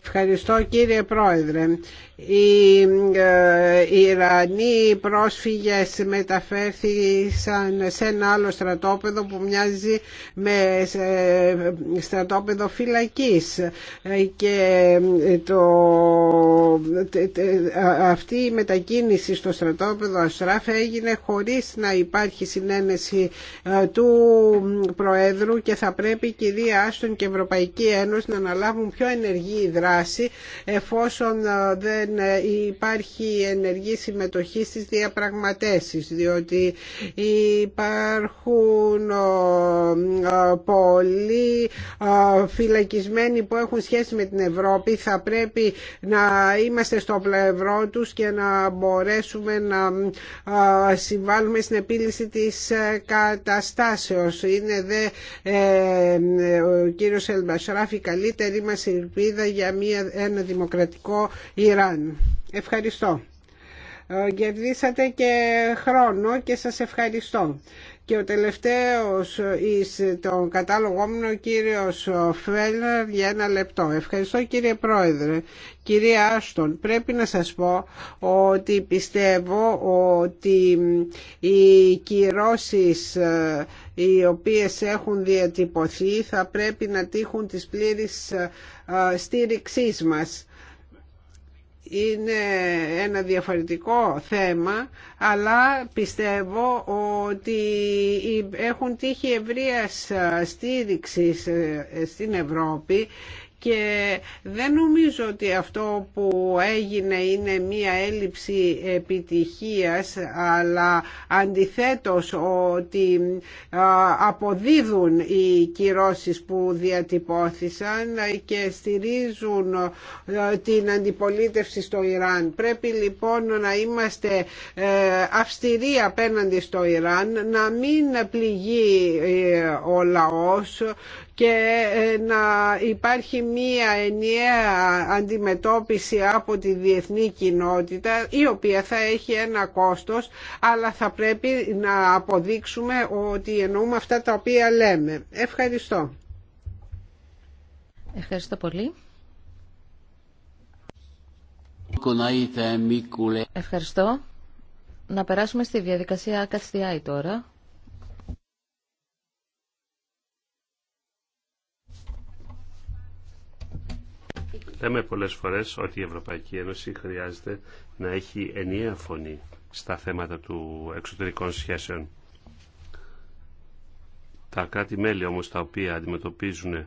Ευχαριστώ κύριε Πρόεδρε. Οι, ε, Ιρανοί πρόσφυγες μεταφέρθησαν σε ένα άλλο στρατόπεδο που μοιάζει με στρατόπεδο φυλακής και το, αυτή η μετακίνηση στο στρατόπεδο Αστράφ έγινε χωρίς να υπάρχει συνένεση ε, του Προέδρου και θα πρέπει κυρία Άστον και Ευρωπαϊκή Ένωση να αναλάβουν πιο ενεργή εφόσον ε, δεν ε, υπάρχει ενεργή συμμετοχή στις διαπραγματεύσεις διότι υπάρχουν πολλοί φυλακισμένοι που έχουν σχέση με την Ευρώπη θα πρέπει να είμαστε στο πλευρό τους και να μπορέσουμε να ε, συμβάλλουμε στην επίλυση της καταστάσεως. Είναι δε ο κύριος Ελμπασράφη καλύτερη μας ελπίδα για για μια, ένα δημοκρατικό Ιράν. Ευχαριστώ. Ε, κερδίσατε και χρόνο και σας ευχαριστώ. Και ο τελευταίος εις τον κατάλογό μου ο κύριος Φέλνερ για ένα λεπτό. Ευχαριστώ κύριε Πρόεδρε. Κυρία Άστον, πρέπει να σας πω ότι πιστεύω ότι οι κυρώσεις ε, οι οποίες έχουν διατυπωθεί θα πρέπει να τύχουν της πλήρης ε, στήριξής μας είναι ένα διαφορετικό θέμα αλλά πιστεύω ότι έχουν τύχει ευρείας στήριξη ε, στην Ευρώπη και δεν νομίζω ότι αυτό που έγινε είναι μία έλλειψη επιτυχίας αλλά αντιθέτως ότι αποδίδουν οι κυρώσεις που διατυπώθησαν και στηρίζουν την αντιπολίτευση στο Ιράν. Πρέπει λοιπόν να είμαστε ε, αυστηροί απέναντι στο Ιράν, να μην πληγεί ε, ο λαός και ε, να υπάρχει μία ενιαία αντιμετώπιση από τη διεθνή κοινότητα η οποία θα έχει ένα κόστος αλλά θα πρέπει να αποδείξουμε ότι εννοούμε αυτά τα οποία λέμε. Ευχαριστώ. Ευχαριστώ πολύ. Ευχαριστώ. Να περάσουμε στη διαδικασία ΚΑΤΣΤΙΑΗ τώρα. Λέμε πολλές φορές ότι η Ευρωπαϊκή Ένωση χρειάζεται να έχει ενιαία φωνή στα θέματα του εξωτερικών σχέσεων. Τα κράτη-μέλη όμως τα οποία αντιμετωπίζουν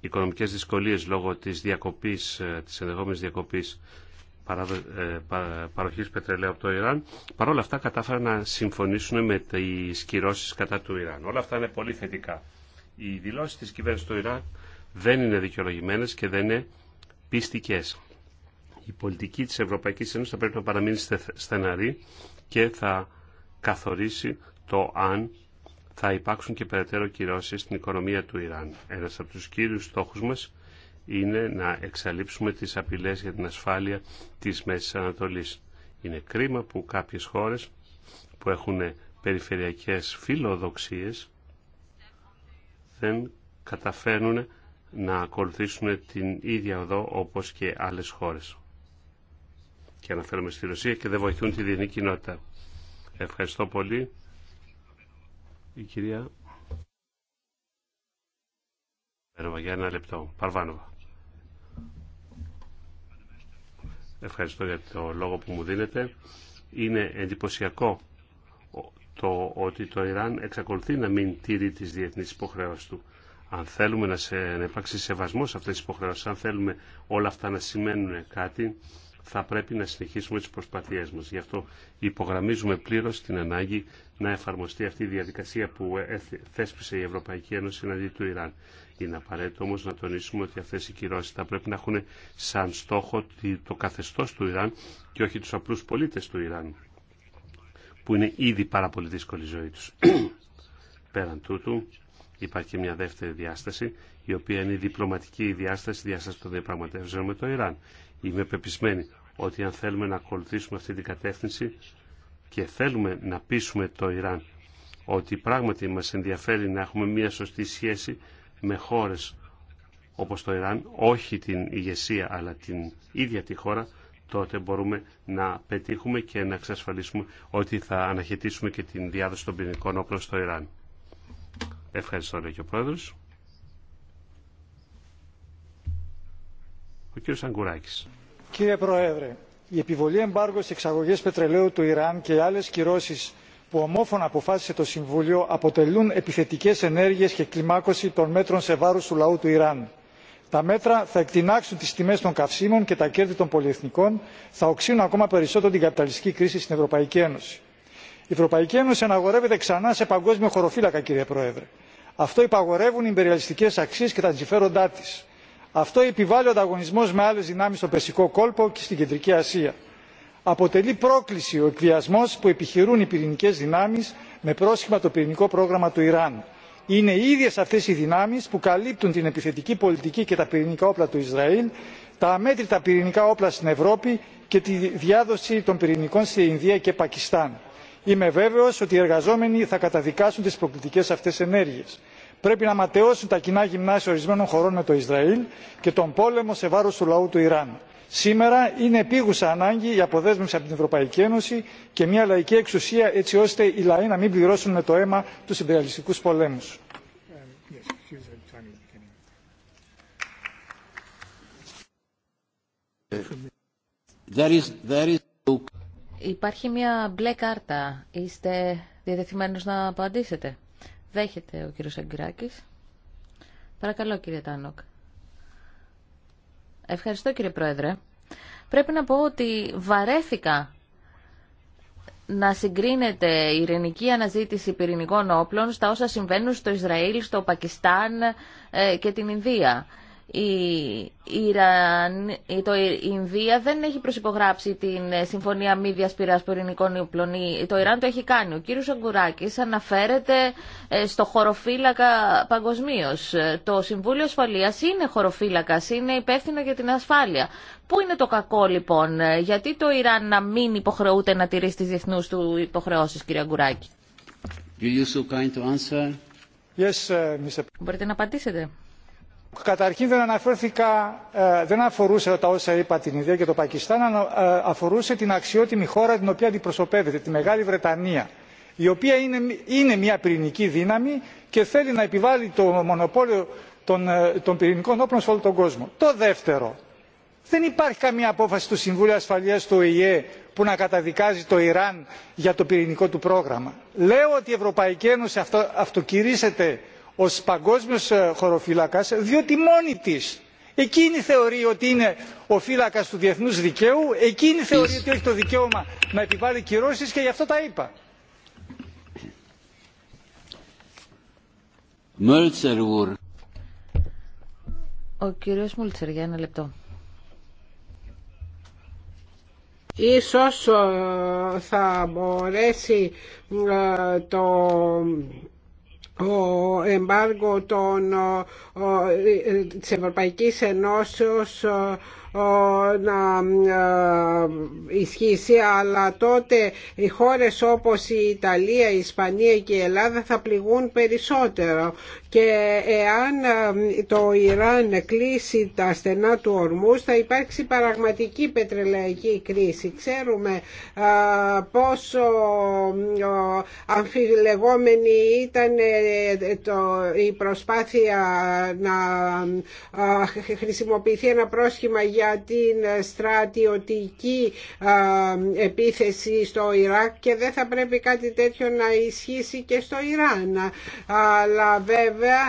οικονομικές δυσκολίες λόγω της διακοπής, ε, της ενδεχόμενης διακοπής ε, παροχής πετρελαίου από το Ιράν, παρόλα αυτά κατάφεραν να συμφωνήσουν με τις κυρώσεις κατά του Ιράν. Όλα αυτά είναι πολύ θετικά. Οι δηλώσεις της κυβέρνησης του Ιράν δεν είναι δικαιολογημένες και δεν είναι πιστικές. Η πολιτική της Ευρωπαϊκής Ένωσης θα πρέπει να παραμείνει στεναρή και θα καθορίσει το αν θα υπάρξουν και περαιτέρω κυρώσεις στην οικονομία του Ιράν. Ένας από τους κύριους στόχους μας είναι να εξαλείψουμε τις απειλές για την ασφάλεια της Μέσης Ανατολής. Είναι κρίμα που κάποιες χώρες που έχουν περιφερειακές φιλοδοξίες δεν καταφέρνουν να ακολουθήσουν την ίδια οδό όπως και άλλες χώρες. Και αναφέρομαι στη Ρωσία και δεν βοηθούν τη διεθνή κοινότητα. Ευχαριστώ πολύ. Η κυρία για ένα λεπτό. Παρβάνοβα. Ευχαριστώ για το λόγο που μου δίνετε. Είναι εντυπωσιακό το ότι το Ιράν εξακολουθεί να μην τηρεί τις διεθνείς υποχρεώσεις του αν θέλουμε να, σε, να υπάρξει σεβασμός σε αυτές τις υποχρεώσεις, αν θέλουμε όλα αυτά να σημαίνουν κάτι, θα πρέπει να συνεχίσουμε τις προσπαθίες μας. Γι' αυτό υπογραμμίζουμε πλήρως την ανάγκη να εφαρμοστεί αυτή η διαδικασία που θέσπισε η Ευρωπαϊκή Ένωση εναντί του Ιράν. Είναι απαραίτητο όμως να τονίσουμε ότι αυτές οι κυρώσει θα πρέπει να έχουν σαν στόχο το καθεστώς του Ιράν και όχι τους απλούς πολίτες του Ιράν, που είναι ήδη πάρα πολύ δύσκολη ζωή τους. *clears throat* Πέραν τούτου, Υπάρχει και μια δεύτερη διάσταση, η οποία είναι η διπλωματική διάσταση, η διάσταση των διαπραγματεύσεων με το Ιράν. Είμαι πεπισμένη ότι αν θέλουμε να ακολουθήσουμε αυτή την κατεύθυνση και θέλουμε να πείσουμε το Ιράν ότι πράγματι μας ενδιαφέρει να έχουμε μια σωστή σχέση με χώρες όπως το Ιράν, όχι την ηγεσία αλλά την ίδια τη χώρα, τότε μπορούμε να πετύχουμε και να εξασφαλίσουμε ότι θα αναχαιτήσουμε και την διάδοση των πυρηνικών όπλων στο Ιράν. Ευχαριστώ, λέει και ο Πρόεδρος. Ο κύριος Αγκουράκη. Κύριε Πρόεδρε, η επιβολή εμπάργου στις εξαγωγές πετρελαίου του Ιράν και οι άλλες κυρώσεις που ομόφωνα αποφάσισε το Συμβούλιο αποτελούν επιθετικές ενέργειες και κλιμάκωση των μέτρων σε βάρος του λαού του Ιράν. Τα μέτρα θα εκτινάξουν τις τιμέ των καυσίμων και τα κέρδη των πολυεθνικών, θα οξύνουν ακόμα περισσότερο την καπιταλιστική κρίση στην Ευρωπαϊκή Ένωση η Ευρωπαϊκή Ένωση αναγορεύεται ξανά σε παγκόσμιο χωροφύλακα, κύριε Πρόεδρε. Αυτό υπαγορεύουν οι υπεριαλιστικέ αξίε και τα συμφέροντά τη. Αυτό επιβάλλει ο ανταγωνισμό με άλλε δυνάμει στο Περσικό κόλπο και στην Κεντρική Ασία. Αποτελεί πρόκληση ο εκβιασμό που επιχειρούν οι πυρηνικέ δυνάμει με πρόσχημα το πυρηνικό πρόγραμμα του Ιράν. Είναι οι ίδιε αυτέ οι δυνάμει που καλύπτουν την επιθετική πολιτική και τα πυρηνικά όπλα του Ισραήλ, τα αμέτρητα πυρηνικά όπλα στην Ευρώπη και τη διάδοση των πυρηνικών στην Ινδία και Πακιστάν. Είμαι βέβαιο ότι οι εργαζόμενοι θα καταδικάσουν τι προκλητικέ αυτέ ενέργειε. Πρέπει να ματαιώσουν τα κοινά γυμνάσια ορισμένων χωρών με το Ισραήλ και τον πόλεμο σε βάρο του λαού του Ιράν. Σήμερα είναι επίγουσα ανάγκη η αποδέσμευση από την Ευρωπαϊκή Ένωση και μια λαϊκή εξουσία έτσι ώστε οι λαοί να μην πληρώσουν με το αίμα του υπεραλιστικού πολέμου. Υπάρχει μια μπλε κάρτα. Είστε διατεθειμένος να απαντήσετε. Δέχεται ο κύριος Αγκυράκης. Παρακαλώ κύριε Τάνοκ. Ευχαριστώ κύριε Πρόεδρε. Πρέπει να πω ότι βαρέθηκα να συγκρίνεται η ειρηνική αναζήτηση πυρηνικών όπλων στα όσα συμβαίνουν στο Ισραήλ, στο Πακιστάν ε, και την Ινδία η, Ιραν, η, το, Ινδία δεν έχει προσυπογράψει την ε, Συμφωνία Μη Διασπειράς Πυρηνικών Ιουπλών. Το Ιράν το έχει κάνει. Ο κύριος Αγκουράκης αναφέρεται ε, στο χωροφύλακα παγκοσμίω. Ε, το Συμβούλιο Ασφαλείας είναι χωροφύλακα, είναι υπεύθυνο για την ασφάλεια. Πού είναι το κακό λοιπόν, γιατί το Ιράν να μην υποχρεούται να τηρήσει τις διεθνούς του υποχρεώσεις, κύριε Αγκουράκη. Μπορείτε να απαντήσετε. Καταρχήν δεν αναφέρθηκα, ε, δεν αφορούσε τα όσα είπα την Ινδία και το Πακιστάν, ε, αφορούσε την αξιότιμη χώρα την οποία αντιπροσωπεύεται, τη Μεγάλη Βρετανία, η οποία είναι, μια πυρηνική δύναμη και θέλει να επιβάλλει το μονοπόλιο ε, των, πυρηνικών όπλων σε όλο τον κόσμο. Το δεύτερο, δεν υπάρχει καμία απόφαση του Συμβούλου Ασφαλείας του ΟΗΕ που να καταδικάζει το Ιράν για το πυρηνικό του πρόγραμμα. Λέω ότι η Ευρωπαϊκή Ένωση αυτο, αυτοκηρύσσεται ως παγκόσμιος ε, χωροφύλακας διότι μόνη της εκείνη θεωρεί ότι είναι ο φύλακας του διεθνούς δικαίου εκείνη θεωρεί ότι έχει το δικαίωμα να επιβάλλει κυρώσεις και γι' αυτό τα είπα. Ο κύριος Μούλτσερ για ένα λεπτό. Ίσως ε, θα μπορέσει ε, το ο εμπάργο των, ο, της Ευρωπαϊκής Ενώσεως να ε, ισχύσει αλλά τότε οι χώρες όπως η Ιταλία, η Ισπανία και η Ελλάδα θα πληγούν περισσότερο και εάν ε, το Ιράν κλείσει τα στενά του ορμούς θα υπάρξει πραγματική πετρελαϊκή κρίση. Ξέρουμε ε, πόσο αμφιλεγόμενη ήταν η προσπάθεια να χρησιμοποιηθεί ένα πρόσχημα για για την στρατιωτική επίθεση στο Ιράκ και δεν θα πρέπει κάτι τέτοιο να ισχύσει και στο Ιράν. Αλλά βέβαια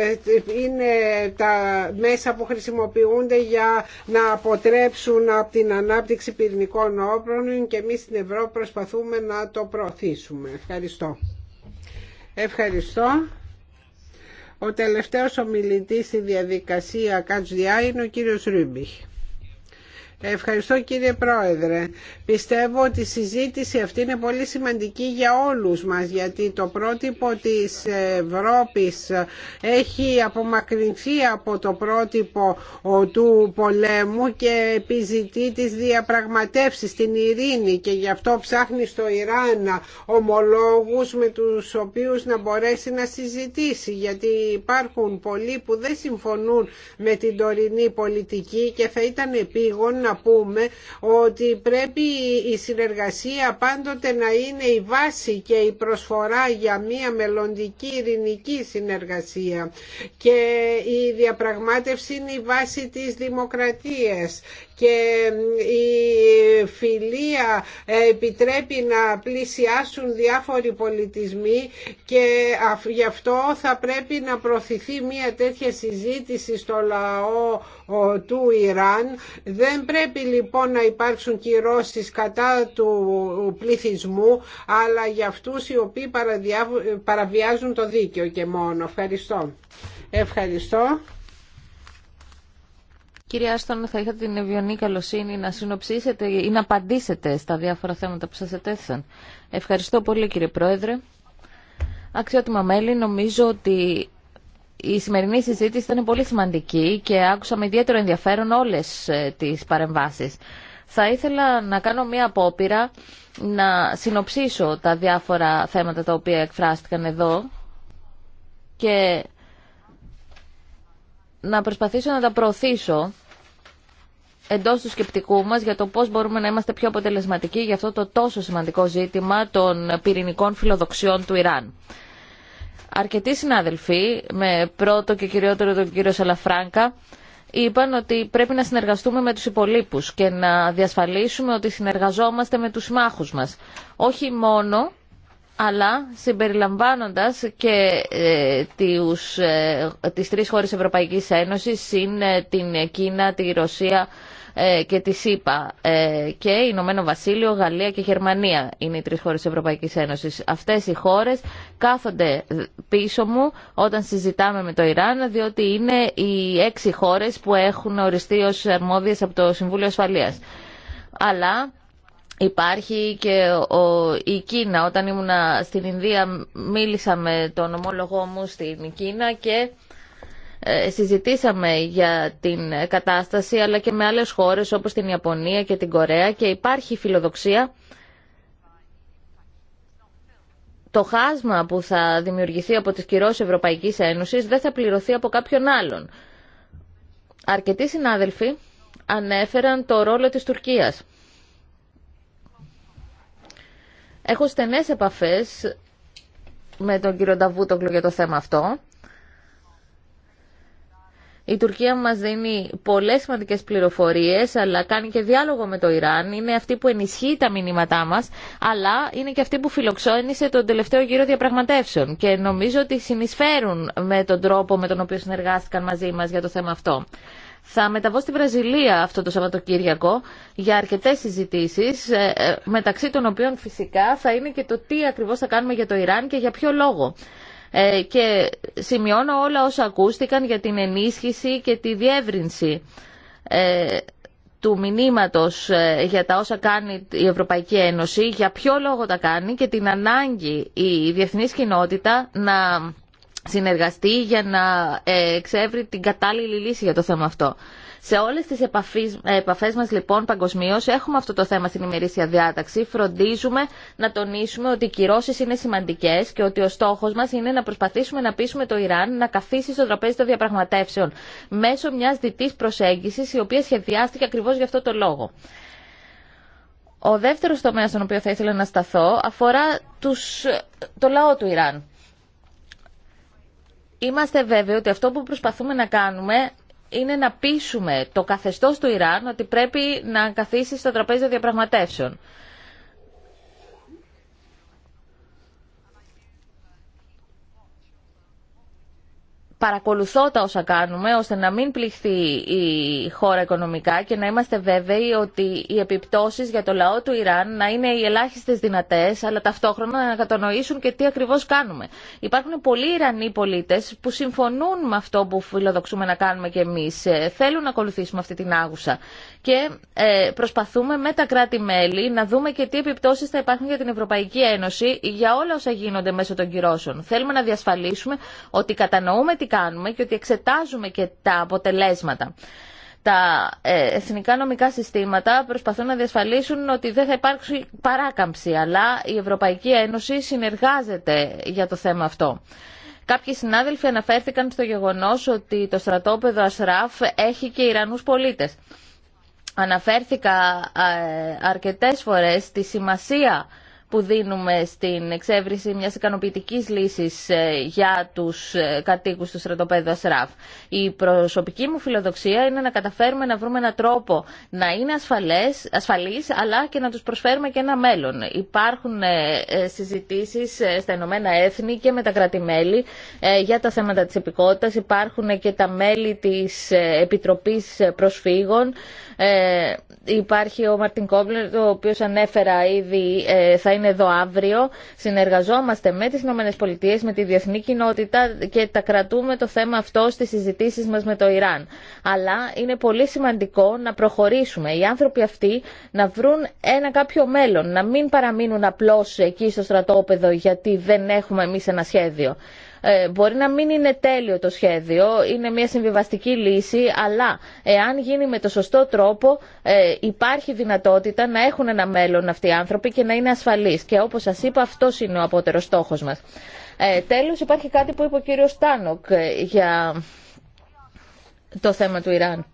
ε, είναι τα μέσα που χρησιμοποιούνται για να αποτρέψουν από την ανάπτυξη πυρηνικών όπλων και εμείς στην Ευρώπη προσπαθούμε να το προωθήσουμε. Ευχαριστώ. Ευχαριστώ. Ο τελευταίος ομιλητής στη διαδικασία Κατζιά είναι ο κύριος Ρούμπιχ. Ευχαριστώ κύριε Πρόεδρε. Πιστεύω ότι η συζήτηση αυτή είναι πολύ σημαντική για όλους μας γιατί το πρότυπο της Ευρώπης έχει απομακρυνθεί από το πρότυπο του πολέμου και επιζητεί τις διαπραγματεύσεις στην ειρήνη και γι' αυτό ψάχνει στο Ιράν ομολόγους με τους οποίους να μπορέσει να συζητήσει γιατί υπάρχουν πολλοί που δεν συμφωνούν με την τωρινή πολιτική και θα ήταν επίγον πούμε ότι πρέπει η συνεργασία πάντοτε να είναι η βάση και η προσφορά για μια μελλοντική ειρηνική συνεργασία και η διαπραγμάτευση είναι η βάση της δημοκρατίας και η φιλία ε, επιτρέπει να πλησιάσουν διάφοροι πολιτισμοί και γι' αυτό θα πρέπει να προωθηθεί μια τέτοια συζήτηση στο λαό του Ιράν. Δεν πρέπει λοιπόν να υπάρξουν κυρώσεις κατά του πληθυσμού, αλλά για αυτούς οι οποίοι παραβιάζουν το δίκαιο και μόνο. Ευχαριστώ. Ευχαριστώ. Κυρία Άστον, θα είχατε την ευγενή καλοσύνη να συνοψίσετε ή να απαντήσετε στα διάφορα θέματα που σας ετέθησαν. Ευχαριστώ πολύ κύριε Πρόεδρε. Αξιότιμα μέλη, νομίζω ότι η σημερινή συζήτηση ήταν πολύ σημαντική και άκουσα με ιδιαίτερο ενδιαφέρον όλες ε, τις παρεμβάσεις. Θα ήθελα να κάνω μία απόπειρα να συνοψίσω τα διάφορα θέματα τα οποία εκφράστηκαν εδώ και να προσπαθήσω να τα προωθήσω εντός του σκεπτικού μας για το πώς μπορούμε να είμαστε πιο αποτελεσματικοί για αυτό το τόσο σημαντικό ζήτημα των πυρηνικών φιλοδοξιών του Ιράν αρκετοί συνάδελφοι, με πρώτο και κυριότερο τον κύριο Σαλαφράγκα, είπαν ότι πρέπει να συνεργαστούμε με τους υπολείπους και να διασφαλίσουμε ότι συνεργαζόμαστε με τους συμμάχους μας. Όχι μόνο, αλλά συμπεριλαμβάνοντας και ε, τους, ε, τις τρεις χώρες Ευρωπαϊκής Ένωσης, συν ε, την Κίνα, τη Ρωσία ε, και τη ΣΥΠΑ ε, και Ηνωμένο Βασίλειο, Γαλλία και Γερμανία είναι οι τρει χώρες τη Ευρωπαϊκής Ένωσης. Αυτές οι χώρες κάθονται πίσω μου όταν συζητάμε με το Ιράν διότι είναι οι έξι χώρες που έχουν οριστεί ως αρμόδιες από το Συμβούλιο ασφαλεία. Αλλά Υπάρχει και ο, η Κίνα. Όταν ήμουν στην Ινδία μίλησα με τον ομόλογό μου στην Κίνα και ε, συζητήσαμε για την κατάσταση αλλά και με άλλες χώρες όπως την Ιαπωνία και την Κορέα και υπάρχει φιλοδοξία το χάσμα που θα δημιουργηθεί από τις κυρώσεις Ευρωπαϊκής Ένωσης δεν θα πληρωθεί από κάποιον άλλον. Αρκετοί συνάδελφοι ανέφεραν το ρόλο της Τουρκίας. Έχω στενές επαφές με τον κύριο Νταβούτογλου για το θέμα αυτό η Τουρκία μας δίνει πολλές σημαντικές πληροφορίες, αλλά κάνει και διάλογο με το Ιράν. Είναι αυτή που ενισχύει τα μηνύματά μας, αλλά είναι και αυτή που φιλοξώνησε τον τελευταίο γύρο διαπραγματεύσεων. Και νομίζω ότι συνεισφέρουν με τον τρόπο με τον οποίο συνεργάστηκαν μαζί μας για το θέμα αυτό. Θα μεταβώ στη Βραζιλία αυτό το Σαββατοκύριακο για αρκετέ συζητήσει, ε, ε, μεταξύ των οποίων φυσικά θα είναι και το τι ακριβώ θα κάνουμε για το Ιράν και για ποιο λόγο. Ε, και σημειώνω όλα όσα ακούστηκαν για την ενίσχυση και τη διεύρυνση ε, του μηνύματος ε, για τα όσα κάνει η Ευρωπαϊκή Ένωση, για ποιο λόγο τα κάνει και την ανάγκη η διεθνής κοινότητα να συνεργαστεί για να εξεύρει την κατάλληλη λύση για το θέμα αυτό. Σε όλε τι επαφέ μα λοιπόν παγκοσμίω έχουμε αυτό το θέμα στην ημερήσια διάταξη. Φροντίζουμε να τονίσουμε ότι οι κυρώσει είναι σημαντικέ και ότι ο στόχο μα είναι να προσπαθήσουμε να πείσουμε το Ιράν να καθίσει στο τραπέζι των διαπραγματεύσεων μέσω μια διτή προσέγγιση η οποία σχεδιάστηκε ακριβώ γι' αυτό το λόγο. Ο δεύτερο τομέα στον οποίο θα ήθελα να σταθώ αφορά τους, το λαό του Ιράν. Είμαστε βέβαιοι ότι αυτό που προσπαθούμε να κάνουμε είναι να πείσουμε το καθεστώς του Ιράν ότι πρέπει να καθίσει στο τραπέζι των διαπραγματεύσεων. παρακολουθώ τα όσα κάνουμε ώστε να μην πληχθεί η χώρα οικονομικά και να είμαστε βέβαιοι ότι οι επιπτώσεις για το λαό του Ιράν να είναι οι ελάχιστες δυνατές αλλά ταυτόχρονα να κατανοήσουν και τι ακριβώς κάνουμε. Υπάρχουν πολλοί Ιρανοί πολίτες που συμφωνούν με αυτό που φιλοδοξούμε να κάνουμε και εμείς. Ε, θέλουν να ακολουθήσουμε αυτή την άγουσα και ε, προσπαθούμε με τα κράτη-μέλη να δούμε και τι επιπτώσεις θα υπάρχουν για την Ευρωπαϊκή Ένωση για όλα όσα γίνονται μέσω των κυρώσεων. Θέλουμε να διασφαλίσουμε ότι κατανοούμε τι κάνουμε και ότι εξετάζουμε και τα αποτελέσματα. Τα ε, εθνικά νομικά συστήματα προσπαθούν να διασφαλίσουν ότι δεν θα υπάρξει παράκαμψη, αλλά η Ευρωπαϊκή Ένωση συνεργάζεται για το θέμα αυτό. Κάποιοι συνάδελφοι αναφέρθηκαν στο γεγονός ότι το στρατόπεδο Ασράφ έχει και Ιρανούς πολίτες. Αναφέρθηκα ε, αρκετές φορές στη σημασία που δίνουμε στην εξέβριση μιας ικανοποιητικής λύσης ε, για τους ε, κατοίκους του στρατοπέδου ΑΣΡΑΒ. Η προσωπική μου φιλοδοξία είναι να καταφέρουμε να βρούμε έναν τρόπο να είναι ασφαλές, αλλά και να τους προσφέρουμε και ένα μέλλον. Υπάρχουν ε, συζητήσεις στα Ηνωμένα Έθνη και με τα κρατημέλη για τα θέματα της επικότητας. Υπάρχουν και τα μέλη της Επιτροπής Προσφύγων. Υπάρχει ο Μαρτιν Κόμπλερ, ο οποίος ανέφερα ήδη, θα είναι εδώ αύριο. Συνεργαζόμαστε με τις ΗΠΑ, με τη διεθνή κοινότητα και τα κρατούμε το θέμα αυτό στις συζητήσει μας με το Ιράν. Αλλά είναι πολύ σημαντικό να προχωρήσουμε. Οι άνθρωποι αυτοί να βρουν ένα κάποιο μέλλον, να μην παραμείνουν απλώς εκεί στο στρατόπεδο γιατί δεν έχουμε εμεί ένα σχέδιο. Ε, μπορεί να μην είναι τέλειο το σχέδιο, είναι μια συμβιβαστική λύση, αλλά εάν γίνει με το σωστό τρόπο ε, υπάρχει δυνατότητα να έχουν ένα μέλλον αυτοί οι άνθρωποι και να είναι ασφαλείς. Και όπως σας είπα αυτός είναι ο απότερος στόχος μας. Ε, τέλος υπάρχει κάτι που είπε ο κύριος Τάνοκ ε, για το θέμα του Ιράν.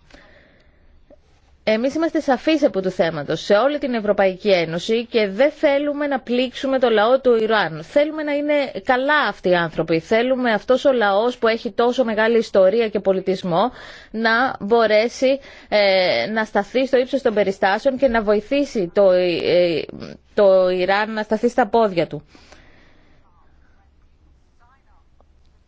Εμείς είμαστε σαφείς από του θέματος σε όλη την Ευρωπαϊκή Ένωση και δεν θέλουμε να πλήξουμε το λαό του Ιράν. Θέλουμε να είναι καλά αυτοί οι άνθρωποι. Θέλουμε αυτός ο λαός που έχει τόσο μεγάλη ιστορία και πολιτισμό να μπορέσει ε, να σταθεί στο ύψος των περιστάσεων και να βοηθήσει το, ε, το Ιράν να σταθεί στα πόδια του.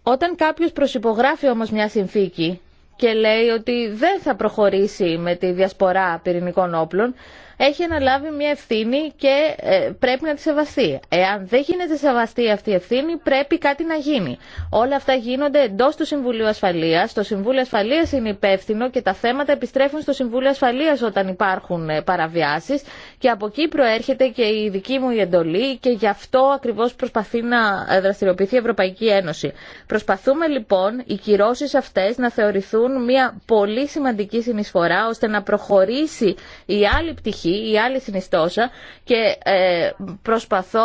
Όταν κάποιος προσυπογράφει όμως μια συνθήκη και λέει ότι δεν θα προχωρήσει με τη διασπορά πυρηνικών όπλων έχει αναλάβει μια ευθύνη και ε, πρέπει να τη σεβαστεί. Εάν δεν γίνεται σεβαστή αυτή η ευθύνη, πρέπει κάτι να γίνει. Όλα αυτά γίνονται εντό του Συμβουλίου Ασφαλεία. Το Συμβούλιο Ασφαλεία είναι υπεύθυνο και τα θέματα επιστρέφουν στο Συμβούλιο Ασφαλεία όταν υπάρχουν ε, παραβιάσει. Και από εκεί προέρχεται και η δική μου εντολή και γι' αυτό ακριβώ προσπαθεί να ε, δραστηριοποιηθεί η Ευρωπαϊκή Ένωση. Προσπαθούμε λοιπόν οι κυρώσει αυτέ να θεωρηθούν μια πολύ σημαντική συνεισφορά ώστε να προχωρήσει η άλλη πτυχή η άλλη συνιστόσα και ε, προσπαθώ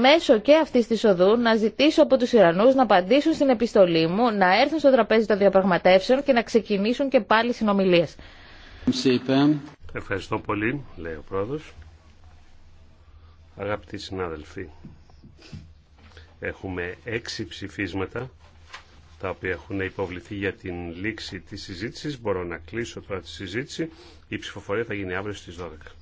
μέσω και αυτή τη οδού να ζητήσω από τους Ιρανούς να απαντήσουν στην επιστολή μου, να έρθουν στο τραπέζι των διαπραγματεύσεων και να ξεκινήσουν και πάλι συνομιλίες. Ευχαριστώ πολύ, λέει ο πρόεδρο. Αγαπητοί συνάδελφοι, έχουμε έξι ψηφίσματα τα οποία έχουν υποβληθεί για την λήξη της συζήτησης. Μπορώ να κλείσω τώρα τη συζήτηση. Η ψηφοφορία θα γίνει αύριο στις 12.